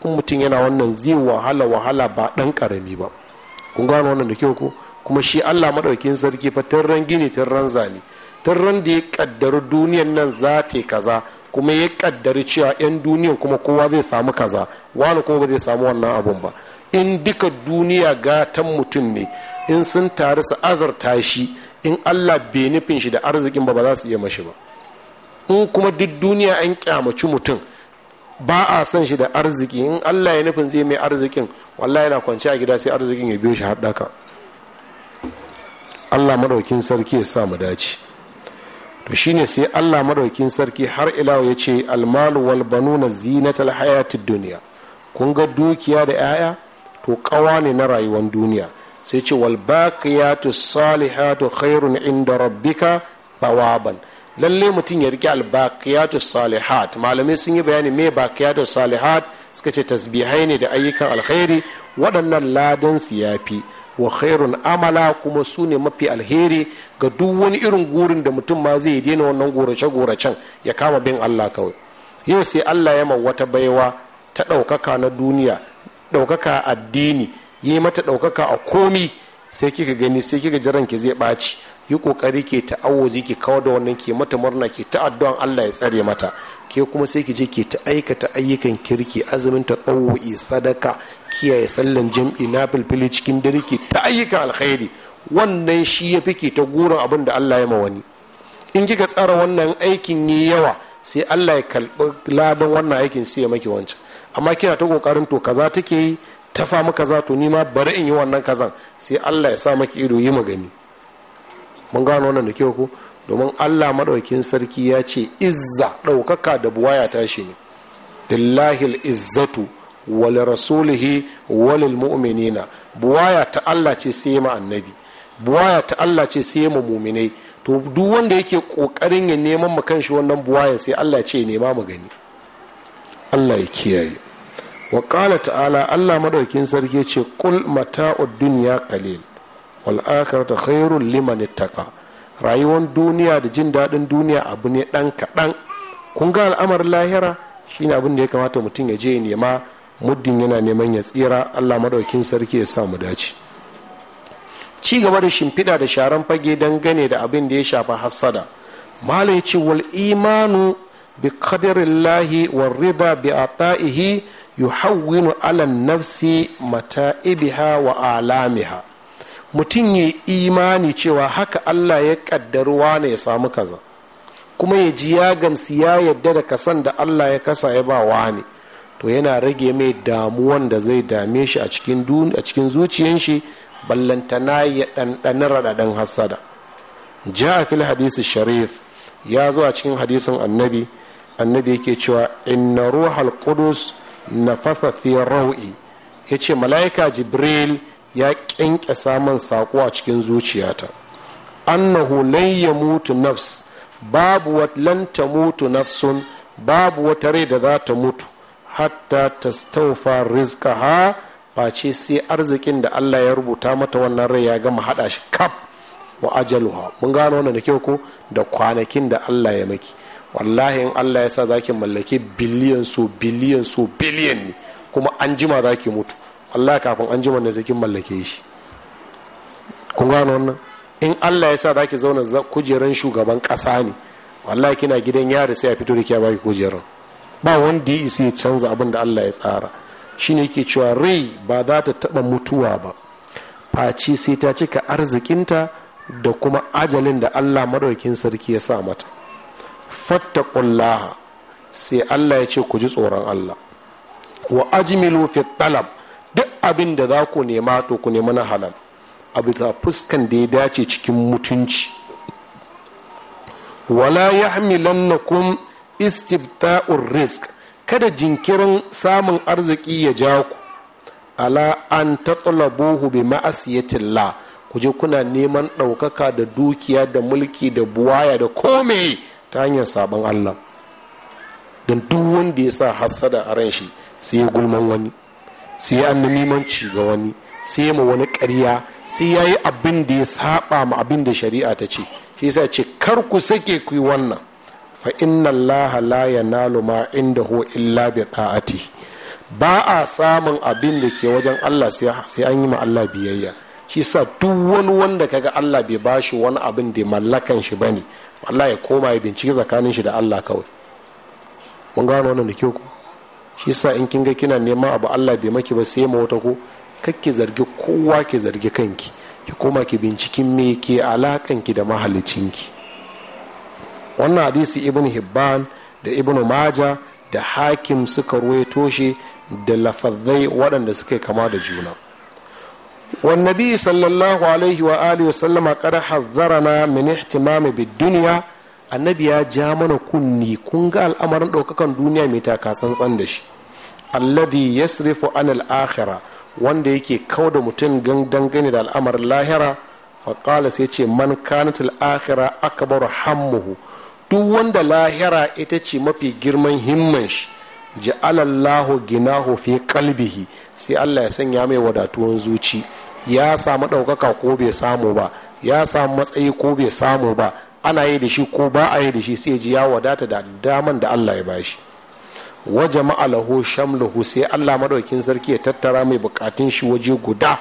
in mutum yana wannan zai wahala wahala ba dan karami ba kun gano wannan da kyau ko kuma shi Allah madaukin sarki fa tarran gini tarran zani tarran da ya ƙaddari duniyan nan za ta kaza kuma ya ƙaddari cewa yan duniyan kuma kowa zai samu kaza wani kuma ba zai samu wannan abun ba in duka duniya gatan mutum ne in sun taru su azarta shi in Allah bai nufin shi da arzikin ba ba za su iya mashi ba in kuma duk duniya an kyamaci mutum ba a son shi da arziki in allah ya nufin zai mai arzikin wallahi yana kwanci a gida sai arzikin ya biyo shi haɗaka allah maɗaukin sarki ya sa mu dace to shine sai allah maɗaukin sarki har ilawa ya ce almalu wal banuna zinatal hayatid duniya kun ga dukiya da 'ya'ya to kawa ne na rayuwar duniya sai ce wal baqiyatu salihatu khairun inda rabbika thawaban lalle mutum ya riƙe albaqiyatu salihat malamai sun yi bayani me baqiyatu salihat suka ce tasbihai ne da ayyukan alheri waɗannan ladan su yafi wa khairun amala kuma su ne mafi alheri ga duk wani irin gurin da mutum ma zai daina wannan gorace goracen ya kama bin Allah kawai yau sai Allah ya ma wata baiwa ta ɗaukaka na duniya ɗaukaka addini yi mata ɗaukaka a komi sai kika gani sai kika jiran ki zai ɓaci yi kokari ke ta'awuzi ke kawo da wannan ke mata murna ke ta'addu'an Allah ya tsare mata ke kuma sai ki je ke ta aikata ayyukan kirki azumin ta tsawo'i sadaka kiyaye sallan jam'i na filfili cikin dare ke ta ayyukan alkhairi wannan shi ya fi ke ta gurin abin da Allah ya ma wani in kika tsara wannan aikin yi yawa sai Allah ya kalbi ladan wannan aikin sai ya maki wancan amma kina ta kokarin to kaza take yi ta samu kaza to nima ma bari in yi wannan kazan sai Allah ya sa maki ido yi magani mun gano wannan da kyau ko domin allah maɗaukin sarki ya ce izza ɗaukaka da buwaya tashi ne dillahil izzatu wal rasulihi wal mu'minina buwaya ta allah ce sai ma annabi buwaya ta allah ce sai ma muminai to duk wanda yake ƙoƙarin ya neman mu kanshi wannan buwayan sai allah ce nema mu gani allah ya kiyaye wa ta'ala allah maɗaukin sarki ce kul mata'ud duniya qalil wal akhiratu khairul liman rayuwar duniya da jin daɗin duniya abu ne ɗan kaɗan kun ga al'amarin lahira shi ne abin da ya kamata mutum ya je ya nema muddin yana neman ya tsira allah madaukin sarki ya sa mu dace ci gaba da shimfiɗa da sharan fage dangane da abin da ya shafa hassada malai ce wal imanu bi lahi war riba bi ata'ihi yuhawwinu ala nafsi mata'ibiha wa alamiha mutum ya imani cewa haka allah ya kaddar wane ya samu kaza kuma ya ji ya gamsi ya yadda da kasan da allah ya kasa ya ba wane to yana rage mai damuwan da zai dame shi a cikin zuciyan shi ballantana ya ɗanɗani raɗaɗan hassada ja fil hadisi sharif ya zo a cikin hadisin annabi annabi yake cewa inna ruhal qudus nafatha fi ya yace malaika jibril ya kyanke samun saƙo a cikin zuciyata annahu lan ya mutu nafs babu lan ta mutu nafsun babu wata rai da za ta mutu hatta ta staufa rizka ha face sai arzikin da allah ya rubuta mata wannan rai ya gama haɗa shi kaf wa ajaluha mun gano wannan da kyau ko da kwanakin da allah ya maki wallahi in allah ya sa zaki mallaki biliyan so biliyan so biliyan ne kuma an jima zaki mutu Allah kafin an ji wanda zai kin mallake shi kun gano wannan in Allah ya sa za ki zauna kujeran shugaban ƙasa ne wallahi kina gidan yari sai a fito da kiya baki kujeran ba wanda ya isa ya canza abin da Allah ya tsara shine yake cewa rai ba za ta taba mutuwa ba face sai ta cika arzikinta da kuma ajalin da Allah madaukin sarki ya sa mata fattaqullaha sai Allah ya ce ku ji tsoron Allah wa ajmilu fi talab duk abin da za ku nema to ku nema na halal a bisa fuskan da ya dace cikin mutunci wala ya na kun istibta'ur risk kada jinkirin samun arziki ya ja ku ala an tatlabuhu bi la ku je kuna neman ɗaukaka da dukiya da mulki da buwaya da kome ta hanyar sabon Allah don duk wanda ya sa hassada a ran shi sai ya gulman wani sai an limanci ga wani sai ma wani ƙarya sai ya yi abin da ya saba ma abin da shari'a ta ce shi yasa ce kar ku sake ku yi wannan fa inna Allah la yanalu ma inda ho illa bi ta'ati ba a samun abin da ke wajen Allah sai an yi ma Allah biyayya shi sa duk wani wanda kaga Allah bai bashi wani abin da mallakan shi bane Allah ya koma ya bincike tsakanin shi da Allah kawai mun gano wannan da kyau ku shi sa in kin ga kina neman abu Allah bai maki ba sai ma wata ko kake zargi kowa ki zargi kanki ki koma ki binciken me ke alakanki da mahalicinki wannan hadisi ibn hibban da ibn maja da hakim suka ruwaito toshe da lafazai waɗanda suka kama da juna sallallahu alaihi الله عليه sallama وسلم قد na من اهتمام bidduniya. annabi ya ja mana kunni kun ga al'amarin ɗaukakan duniya mai taka tsantsan da shi alladhi yasrifu an al wanda yake kau da mutum dangane da al'amarin lahira faƙala sai ce man kanat al aka akbar hammuhu duk wanda lahira ita ce mafi girman himman shi ja'alallahu ginahu fi kalbihi sai Allah ya sanya mai wadatuwan zuci ya samu ɗaukaka ko bai samu ba ya samu matsayi ko bai samu ba ana yi da shi ko ba a yi da shi sai ji ya wadata da daman da Allah ya bashi wa jama'a lahu shamluhu sai Allah madaukin sarki ya tattara mai bukatun shi waje guda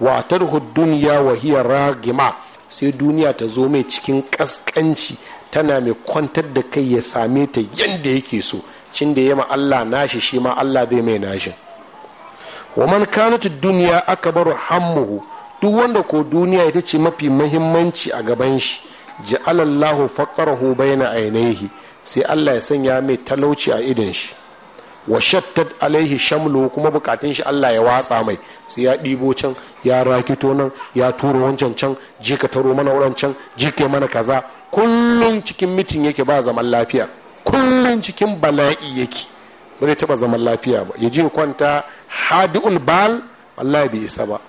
wa tarhu dunya wa hiya ragima sai duniya ta zo mai cikin kaskanci tana mai kwantar da kai ya same ta yanda yake so cin da yema Allah nashi shi ma Allah zai mai nashi wa man kanat dunya akbaru hammuhu duk wanda ko duniya ita ce mafi muhimmanci a gaban shi ja'alallahu faqarahu baina ainihi sai Allah ya sanya mai talauci a idon shi wa shattad alaihi shamlu kuma bukatun shi Allah ya watsa mai sai ya ɗibo can ya rakito nan ya turo wancan can je ka taro mana wancan je ka mana kaza kullum cikin mitin yake ba zaman lafiya kullum cikin bala'i yake ba zai taba zaman lafiya ba ya je kwanta hadiul bal wallahi bai isa ba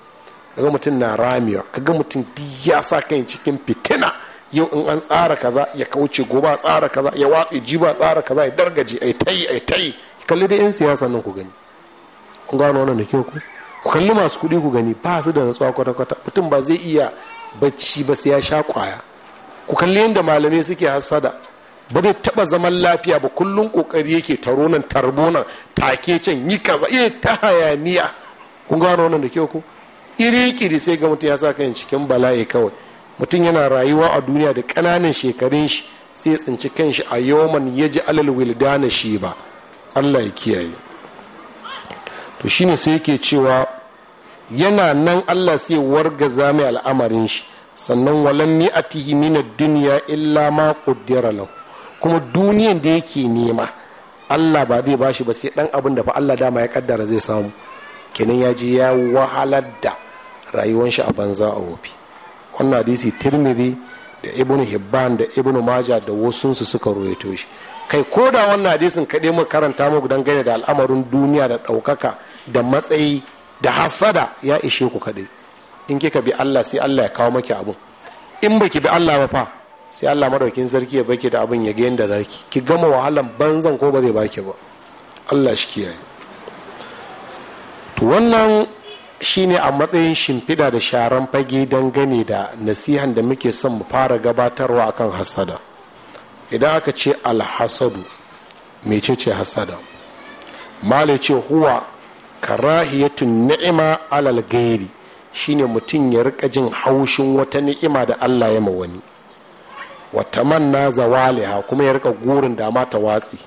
kaga mutum na ramewa kaga mutum duk ya sa kai cikin fitina yau in an tsara kaza ya kauce gobe tsara kaza ya watsi jiba tsara kaza ya dargaje ai ta'i ai ta'i kalli da yan siyasa nan ku gani ku gano wannan da kyau ku ku kalli masu kuɗi ku gani ba su da natsuwa kwata kwata mutum ba zai iya bacci ba sai ya sha kwaya ku kalli yadda malamai suke hassada ba zai taba zaman lafiya ba kullum kokari yake taro nan tarbo nan take can yi kaza eh ta hayaniya kun gano wannan da kyau ku iri kiri sai ga mutum ya sa kan cikin bala'i kawai mutum yana rayuwa a duniya da ƙananan shekarun shi sai ya tsinci kanshi a yoman ya ji alal na shi ba allah ya kiyaye to shine sai yake cewa yana nan allah sai wargaza mai al'amarin shi sannan walan mi'atihi min ad duniya, illa ma qaddara lau kuma duniyan da yake nema Allah ba zai bashi ba sai dan abin da fa Allah dama ya kaddara zai samu kenan ya ji ya wahalar da rayuwar shi a banza a wofi wannan hadisi tirmidhi da ibnu hibban da ibnu maja da wasunsu suka rawaito shi kai ko da wannan hadisin kaɗai mu karanta muku don gane da al'amarin duniya da ɗaukaka da matsayi da hasada ya ishe ku kaɗai in kika bi Allah sai Allah ya kawo maki abu. in baki bi Allah ba fa sai Allah madaukin sarki ya baki da abin ya ga yanda zaki ki gama wahalan banzan ko ba zai baki ba Allah shi kiyaye to wannan shine a matsayin shimfiɗa da sharan fage don gane da nasihan da muke son mu fara gabatarwa a kan hasada idan aka ce alhasadu ce hasada male ce huwa karahiyatun ni'ima alal gairi shine mutum ya rika jin haushin wata ni'ima da allah ya ma wani wata manna zawaliha kuma ya rika gurin da ta watsi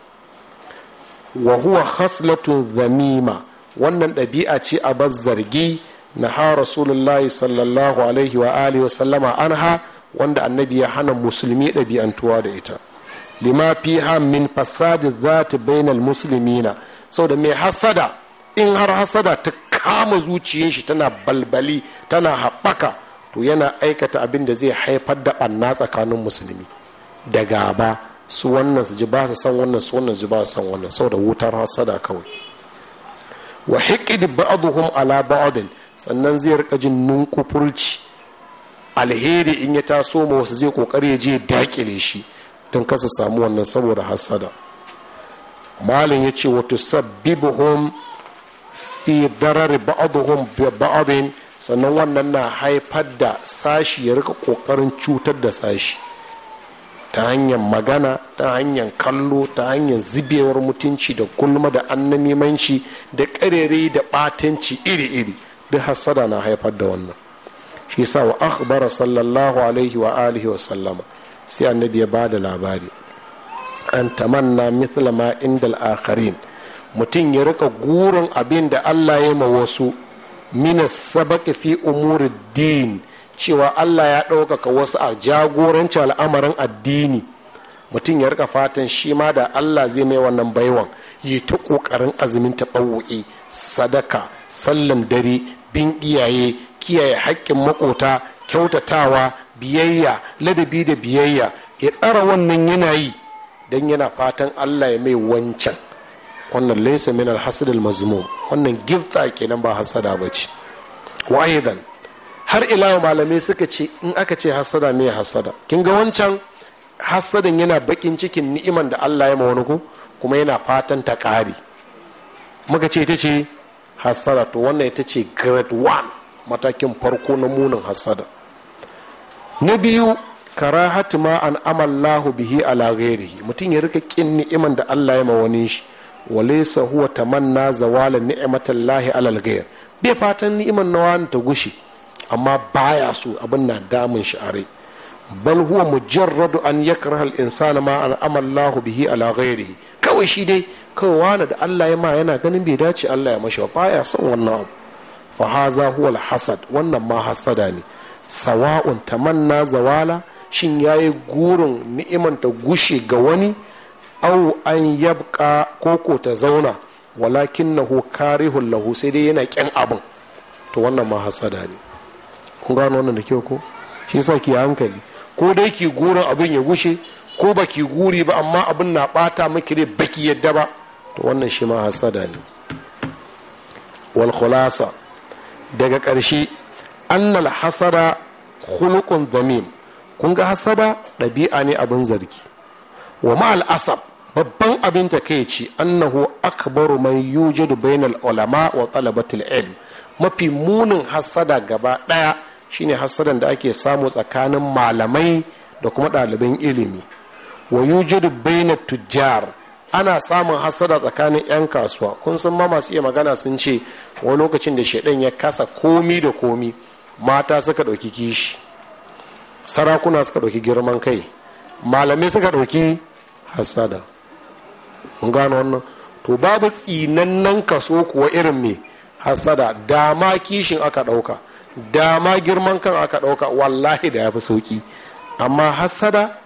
wa huwa haslatun zamima wannan ɗabi'a ce a bas zargi na ha rasulullahi sallallahu alaihi wa alihi wasallama an ha wanda annabi ya hana musulmi ɗabi'antuwa da ita lima ha min fasadi zati bainal muslimina saboda mai hasada in har hasada ta kama zuciyar shi tana balbali tana haɓaka to yana aikata abin da zai haifar da ɓanna tsakanin musulmi da gaba su wannan su ji ba su san wannan su wannan su ba su san wannan saboda wutar hasada kawai wa hikidi ba'aduhum ala ba'adin sannan zai rika jin nunkufurci alheri in ya taso ma wasu zai kokari ya je dakile shi don kasa samu wannan saboda hasada malin ya ce wato sabbibuhum fi darar ba'aduhum ba'adin sannan wannan na haifar da sashi ya rika kokarin cutar da sashi ta hanyar magana ta hanyar kallo ta hanyar zibewar mutunci da gulma da annamimanci da ƙarere da batanci iri-iri duk hassada na haifar da wannan shi sa wa akhbara sallallahu alaihi wa alihi wa sallama sai annabi ya ba da labari an tamanna mithla ma inda al'akharin mutum ya rika gurin abin da allah ya ma wasu mina sabaka fi umuri din cewa allah ya ɗaukaka wasu a jagorancin al'amarin addini mutum ya rika fatan shi ma da allah zai mai wannan baiwan yi ta ƙoƙarin azumin taɓawu'i sadaka sallan dare bin iyaye kiyaye haƙƙin makota kyautatawa biyayya ladabi da biyayya ya tsara wannan yanayi don yana fatan allah ya mai wancan wannan laisa min alhasadil mazmum wannan gifta kenan ba hasada ba ce wa aidan har ila malamai suka ce in aka ce hassada me hassada kin ga wancan hassadin yana bakin cikin ni'iman da Allah ya ma wani ku kuma yana fatan ta ƙari muka ce ita ce hassada to wannan ita ce grade one matakin farko na munin hassada na biyu karahatu ma an amallahu bihi ala ghairihi mutum ya rika kin ni'iman da Allah ya ma wani shi walaysa huwa tamanna zawala ni'matallahi alal ghair bai fatan ni'iman na wani ta gushi amma baya so abin na damun shi are bal huwa mujarradu an yakraha al insana ma an amallahu bihi ala ghairihi kawai shi dai kawai wani da Allah ya ma yana ganin bai dace Allah ya mashi baya son wannan abu fa haza huwa al hasad wannan ma hasada ne sawa'un tamanna zawala shin yayi gurin ni'iman ta gushe ga wani au an yabka koko ta zauna walakin karihul lahu sai dai yana kyan abin to wannan ma hasada ne kun gano wannan da kyau ko shi yasa ki hankali ko dai ki gurin abin ya gushe ko ba ki guri ba amma abin na bata miki dai baki yadda ba to wannan shi ma hasada ne wal khulasa daga karshe annal hasada khuluqun zamim kun ga hasada ɗabi'a ne abin zargi wa ma'al asab babban abin ta kai ce annahu akbaru man yujadu bainal ulama wa talabatil ilm mafi munin hasada gaba ɗaya shine hassadan da ake samu tsakanin malamai da kuma ɗaliban ilimi wa yujidu baina tujjar ana samun hassada tsakanin 'yan kasuwa kun san ma masu iya magana sun ce wani lokacin da shaidan ya kasa komi da komi mata suka ɗauki kishi sarakuna suka ɗauki girman kai malamai suka ɗauki hasada mun gano wannan to babu tsinannen kaso kuwa irin mai hasada dama kishin aka ɗauka dama girman kan aka ɗauka wallahi da ya fi sauƙi amma hasada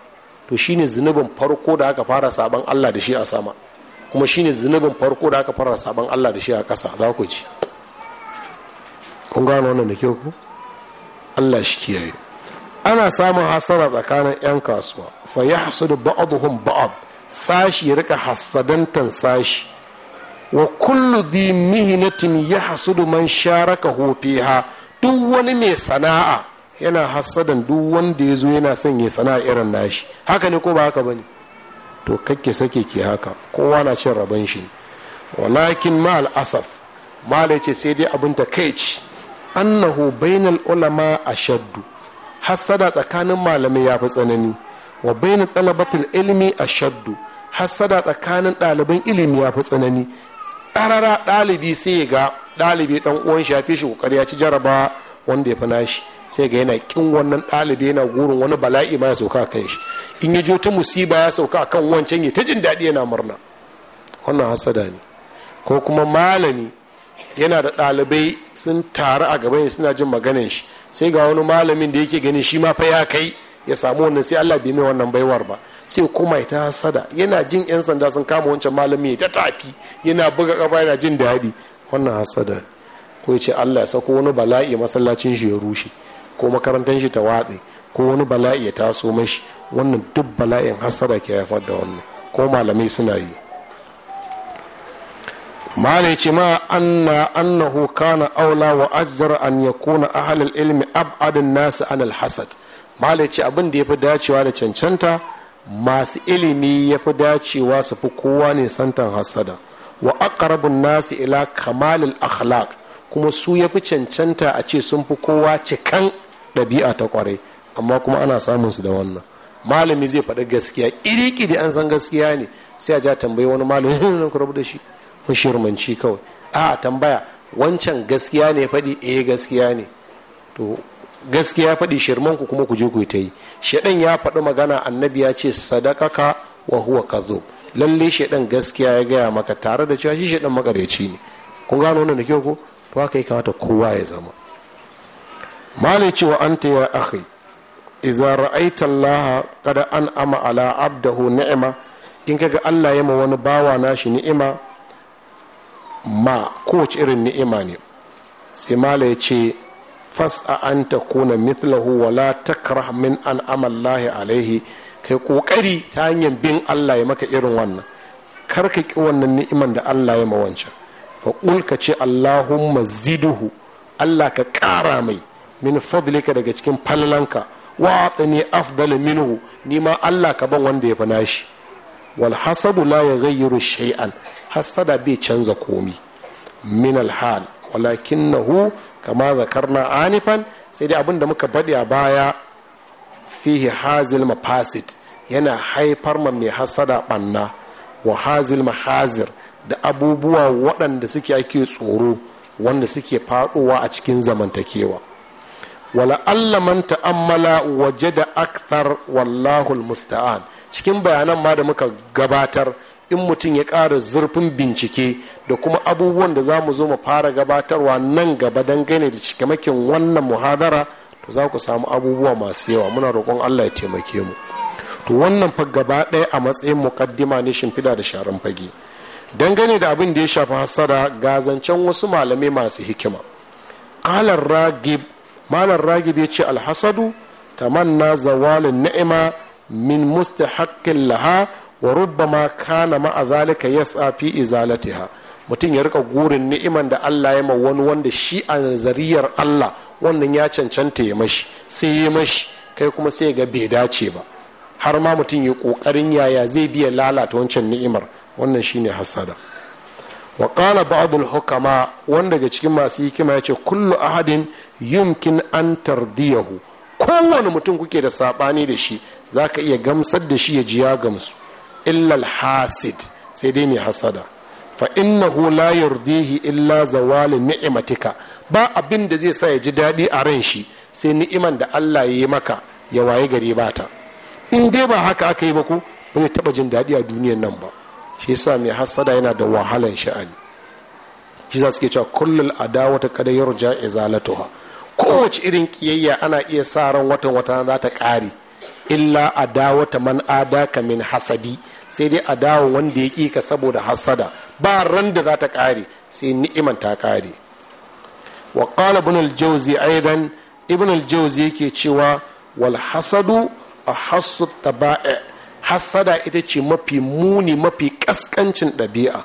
to shine zunubin farko da aka fara saban Allah da shi a sama kuma shine zunubin farko da aka fara saban Allah da shi a ƙasa za ku ji kun gano wannan da kyau ku Allah shi kiyaye ana samun hasara tsakanin 'yan kasuwa fa ya hasudu ba'aduhum ba'ad sashi rika hasadantan sashi wa kullu dhi mihnatin hasudu man sharaka fiha duk wani mai sana'a yana hassadan duk wanda ya zo yana son ya sana'a irin nashi haka ne ko ba haka bane to kakke sake ke haka kowa na cin rabon shi walakin ma al'asaf mala ce sai dai abin ta kai ci annahu bainal ulama ashaddu hassada tsakanin malamai ya fi tsanani wa bainal talabatul ilmi ashaddu hassada tsakanin ɗaliban ilimi ya fi tsanani tsarara ɗalibi sai ya ga Dalibi dan uwan shafi shi kokari ya ci jaraba wanda ya fi nashi sai ga yana kin wannan ɗalibi yana gurin wani bala'i ma ya sauka a kan shi in ya jo ta musiba ya sauka a kan wancan ya ta jin daɗi yana murna wannan hasada ne ko kuma malami yana da ɗalibai sun taru a gaban suna jin maganin shi sai ga wani malamin da yake ganin shi ma fa ya kai ya samu wannan sai Allah bai mai wannan baiwar ba sai kuma ita hasada yana jin yan sanda sun kama wancan malami ya ta tafi yana buga kafa yana jin daɗi wannan hasada ko ya ce allah ya sako wani bala'i masallacin shi ya rushe ko makarantar shi ta watsi ko wani bala'i ya taso mashi wannan duk bala'in hasada ke haifar da wannan ko malamai suna yi mala ce ma anna annahu kana aula wa ajjar an yakuna ahlul ilmi ab'adun nasu anal hasad mala ce abin da ya fi dacewa da cancanta masu ilimi yafi dacewa su fi kowa ne santan hasada wa aqrabun nasi ila kamalil akhlaq kuma su ya fi cancanta a ce sun fi kowa cikan ɗabi'a ta kwarai amma kuma ana samun su da wannan malami zai faɗi gaskiya iri-iri an san gaskiya ne sai a ja tambayi wani malami na ku da shi mun shirmanci kawai a tambaya wancan gaskiya ne faɗi eh gaskiya ne to gaskiya faɗi shirman ku kuma ku je ku yi ta yi shaɗan ya faɗi magana annabi ya ce sadakaka wa huwa kadhub lalle shaidan gaskiya ya gaya maka tare da cewa shi shaidan makareci ne kun gano wannan da kyau ko to haka ya kamata kowa ya zama malai cewa anta ya akhi idza ra'aita allaha kada an ama ala abdahu ni'ma in kaga Allah ya ma wani bawa nashi ni'ima ma kowace irin ni'ima ne sai mala ya ce fas'a an ta kuna mithlahu wala la min an amallahi alaihi kai kokari ta hanyar bin Allah ya maka irin wannan kar ka ki wannan ni'iman da Allah ya ma wancan fa ka ce Allahumma ziduhu Allah ka ƙara mai min fadlika daga cikin falalanka wa atani afdal minhu ni ma Allah ka ban wanda ya fi shi, wal hasabu la yughayyiru shai'an hasada bai canza komi min al hal walakinahu kama zakarna anifan sai dai abinda muka faɗi a baya fihi hazil mafasid yana haifar ma mai hasada banna wa hazil mahazir da abubuwa waɗanda suke ake tsoro wanda suke faɗowa a cikin zamantakewa wala Allah man ta'ammala waje da akthar wallahul musta'an cikin bayanan ma da muka gabatar in mutum ya ƙara zurfin bincike da kuma abubuwan da za mu zo mu fara gabatarwa nan gaba dangane da cikamakin wannan muhadara to za ku samu abubuwa masu yawa muna roƙon allah ya taimake mu to wannan fa gaba ɗaya a matsayin muƙaddima ne shimfiɗa da sharan fage dangane da abin da ya shafi hassada gazancen wasu malamai masu hikima ƙalar ragib malar ragib ya ce alhasadu tamanna zawalin ni'ima min mustahaqqin laha wa rubbama kana ma'a zalika yas'a fi izalatiha mutum ya rika gurin ni'iman da Allah ya ma wani wanda shi a nazariyar Allah wannan ya cancanta ya mashi sai ya mashi kai kuma sai ga bai dace ba har ma mutum ya kokarin yaya zai biya lalata wancan ni'imar wannan shine hasada wa qala ba'dul hukama wanda daga cikin masu hikima ya ce kullu ahadin yumkin an tardiyahu kowane mutum kuke da sabani da shi zaka iya gamsar da shi ya ji ya gamsu illal hasid sai dai mai hasada fa innahu la yardihi illa zawali ni'matika ba abin da zai sa ya ji daɗi a ran shi sai ni'iman da Allah ya yi maka ya waye gari ba ta in dai ba haka aka yi ba ko ba zai taɓa jin daɗi a duniyan nan ba shi yasa mai hassada yana da wahalan sha'ani shi za su ke cewa kullum adawa ta kada yarja izalatuha kowace irin kiyayya ana iya sa ran watan wata za ta ƙare illa a dawata man ka min hasadi sai dai a adawa wanda ya ka saboda hassada ba ran da za ta ƙare sai ni'iman ta ƙare wa qala ibn al-jawzi aidan ibn yake cewa wal hasadu ahassu hasada ita ce mafi muni mafi kaskancin ɗabi'a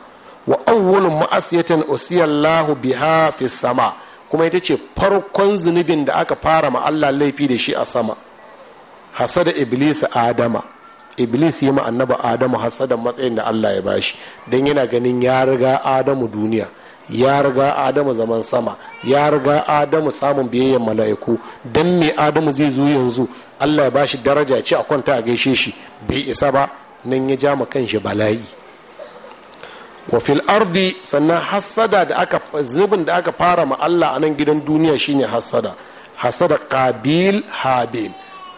wa awwalu ma'asiyatan usiyallahu biha fi sama kuma ita ce farkon zunubin da aka fara ma Allah laifi da shi a sama hasada iblis adama iblis ma annaba adamu hasada matsayin da Allah ya bashi don yana ganin ya riga adamu duniya ya riga adamu zaman sama ya riga adamu samun biyayyen mala'iku don me adamu zai zo yanzu allah ya bashi daraja ce a kwanta a gaishe shi bai isa ba nan ya ja kan shi bala'i wa fil ardi sannan hassada da aka zunubin da aka fara ma allah a nan gidan duniya shine hasada hasada qabil habil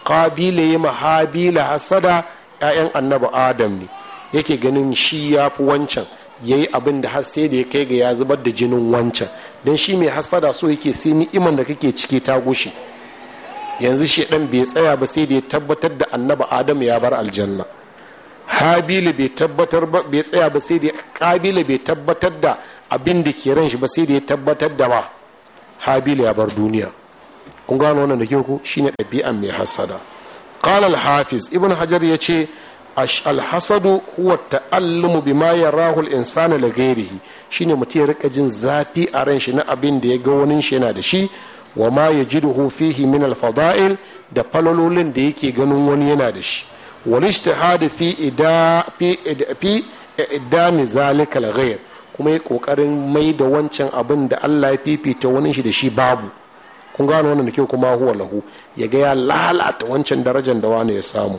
qabila yi ma habila hassada 'ya'yan annabi adam ne yake ganin shi ya fi wancan ya yi abin da har sai da ya kai ga ya zubar da jinin wancan don shi mai hasada so yake sai ni'iman da kake ciki ta gushe yanzu shi dan bai tsaya ba sai da ya tabbatar da annaba adam ya bar aljanna habila bai tabbatar ba bai tsaya ba sai da kabila bai tabbatar da abin da ke ran shi ba sai da ya tabbatar da ba habila ya bar duniya kun gano wannan da kyau ko shine ɗabi'an mai hasada qala al-hafiz ibn hajar yace ce alhasadu huwa ta'allumu bima yarahu al-insanu la ghairihi shine mutum ya rika jin zafi a ran shi na abin da ya ga wani shi yana da shi wa ma yajiduhu fihi min al-fada'il da falalolin da yake ganin wani yana da shi wal ijtihad fi ida fi fi idami zalika al-ghair kuma ya kokarin mai da wancan abin da Allah ya fifita wani shi da shi babu kun gano wannan da kyau kuma huwa lahu ya ga ya lalata wancan darajar da wani ya samu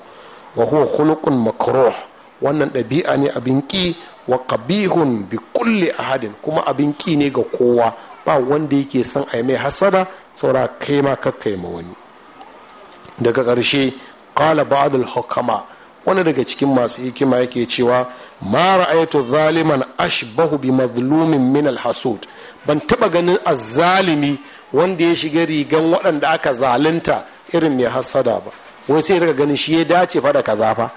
wa huwa khuluqun makruh wannan ɗabi'a ne abin ƙi wa qabihun bi kulli ahadin kuma abin ƙi ne ga kowa ba wanda yake son a mai hasada saura kai ma kakkai ma wani daga ƙarshe qala ba'd hukama wani daga cikin masu hikima yake cewa ma ra'aytu zaliman ashbahu bi mazlumin min al-hasud ban taba ganin azzalimi wanda ya shiga rigan waɗanda aka zalunta irin mai hasada ba wai sai daga ganin shi ya dace fa da kaza fa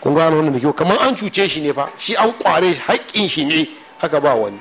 kun gano wannan kyau kamar an cuce shi ne fa shi an kware haƙƙin shi ne aka ba wani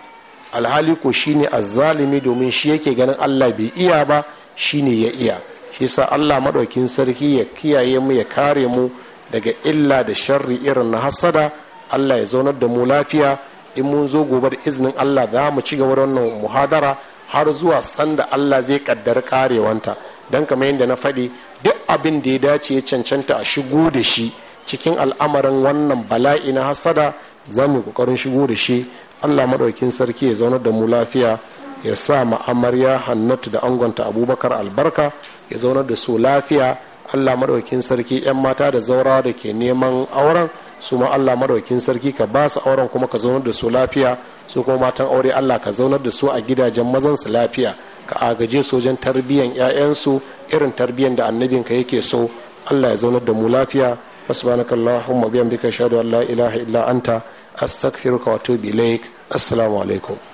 alhali ko shine azzalimi domin shi yake ganin Allah bai iya ba shine ya iya shi sa Allah maɗaukin sarki ya kiyaye mu ya kare mu daga illa da sharri irin na hasada Allah ya zaunar da mu lafiya in mun zo gobe da izinin Allah za mu ci gaba da wannan muhadara har zuwa sanda Allah zai kaddar karewanta don kamar yadda na faɗi duk abin da ya dace ya cancanta a shigo da shi cikin al'amarin wannan bala'i na hasada za mu kokarin shigo da shi allah maɗaukin sarki ya zaunar da mu lafiya ya sa ma'amarya hannatu da angonta abubakar albarka ya zaunar da su lafiya allah maɗaukin sarki 'yan mata da zaura da ke neman auren su ma allah maɗaukin sarki ka ba su auren kuma ka zaunar da su lafiya su kuma matan aure allah ka zaunar da su a gidajen mazansu lafiya ka agaje su wajen tarbiyyan 'ya'yansu irin tarbiyyan da annabinka yake so allah ya zaunar da mu lafiya subhanaka allahumma biyan bika shaidu allah ilaha illa anta astaghfiruka wa atubu assalamu alaikum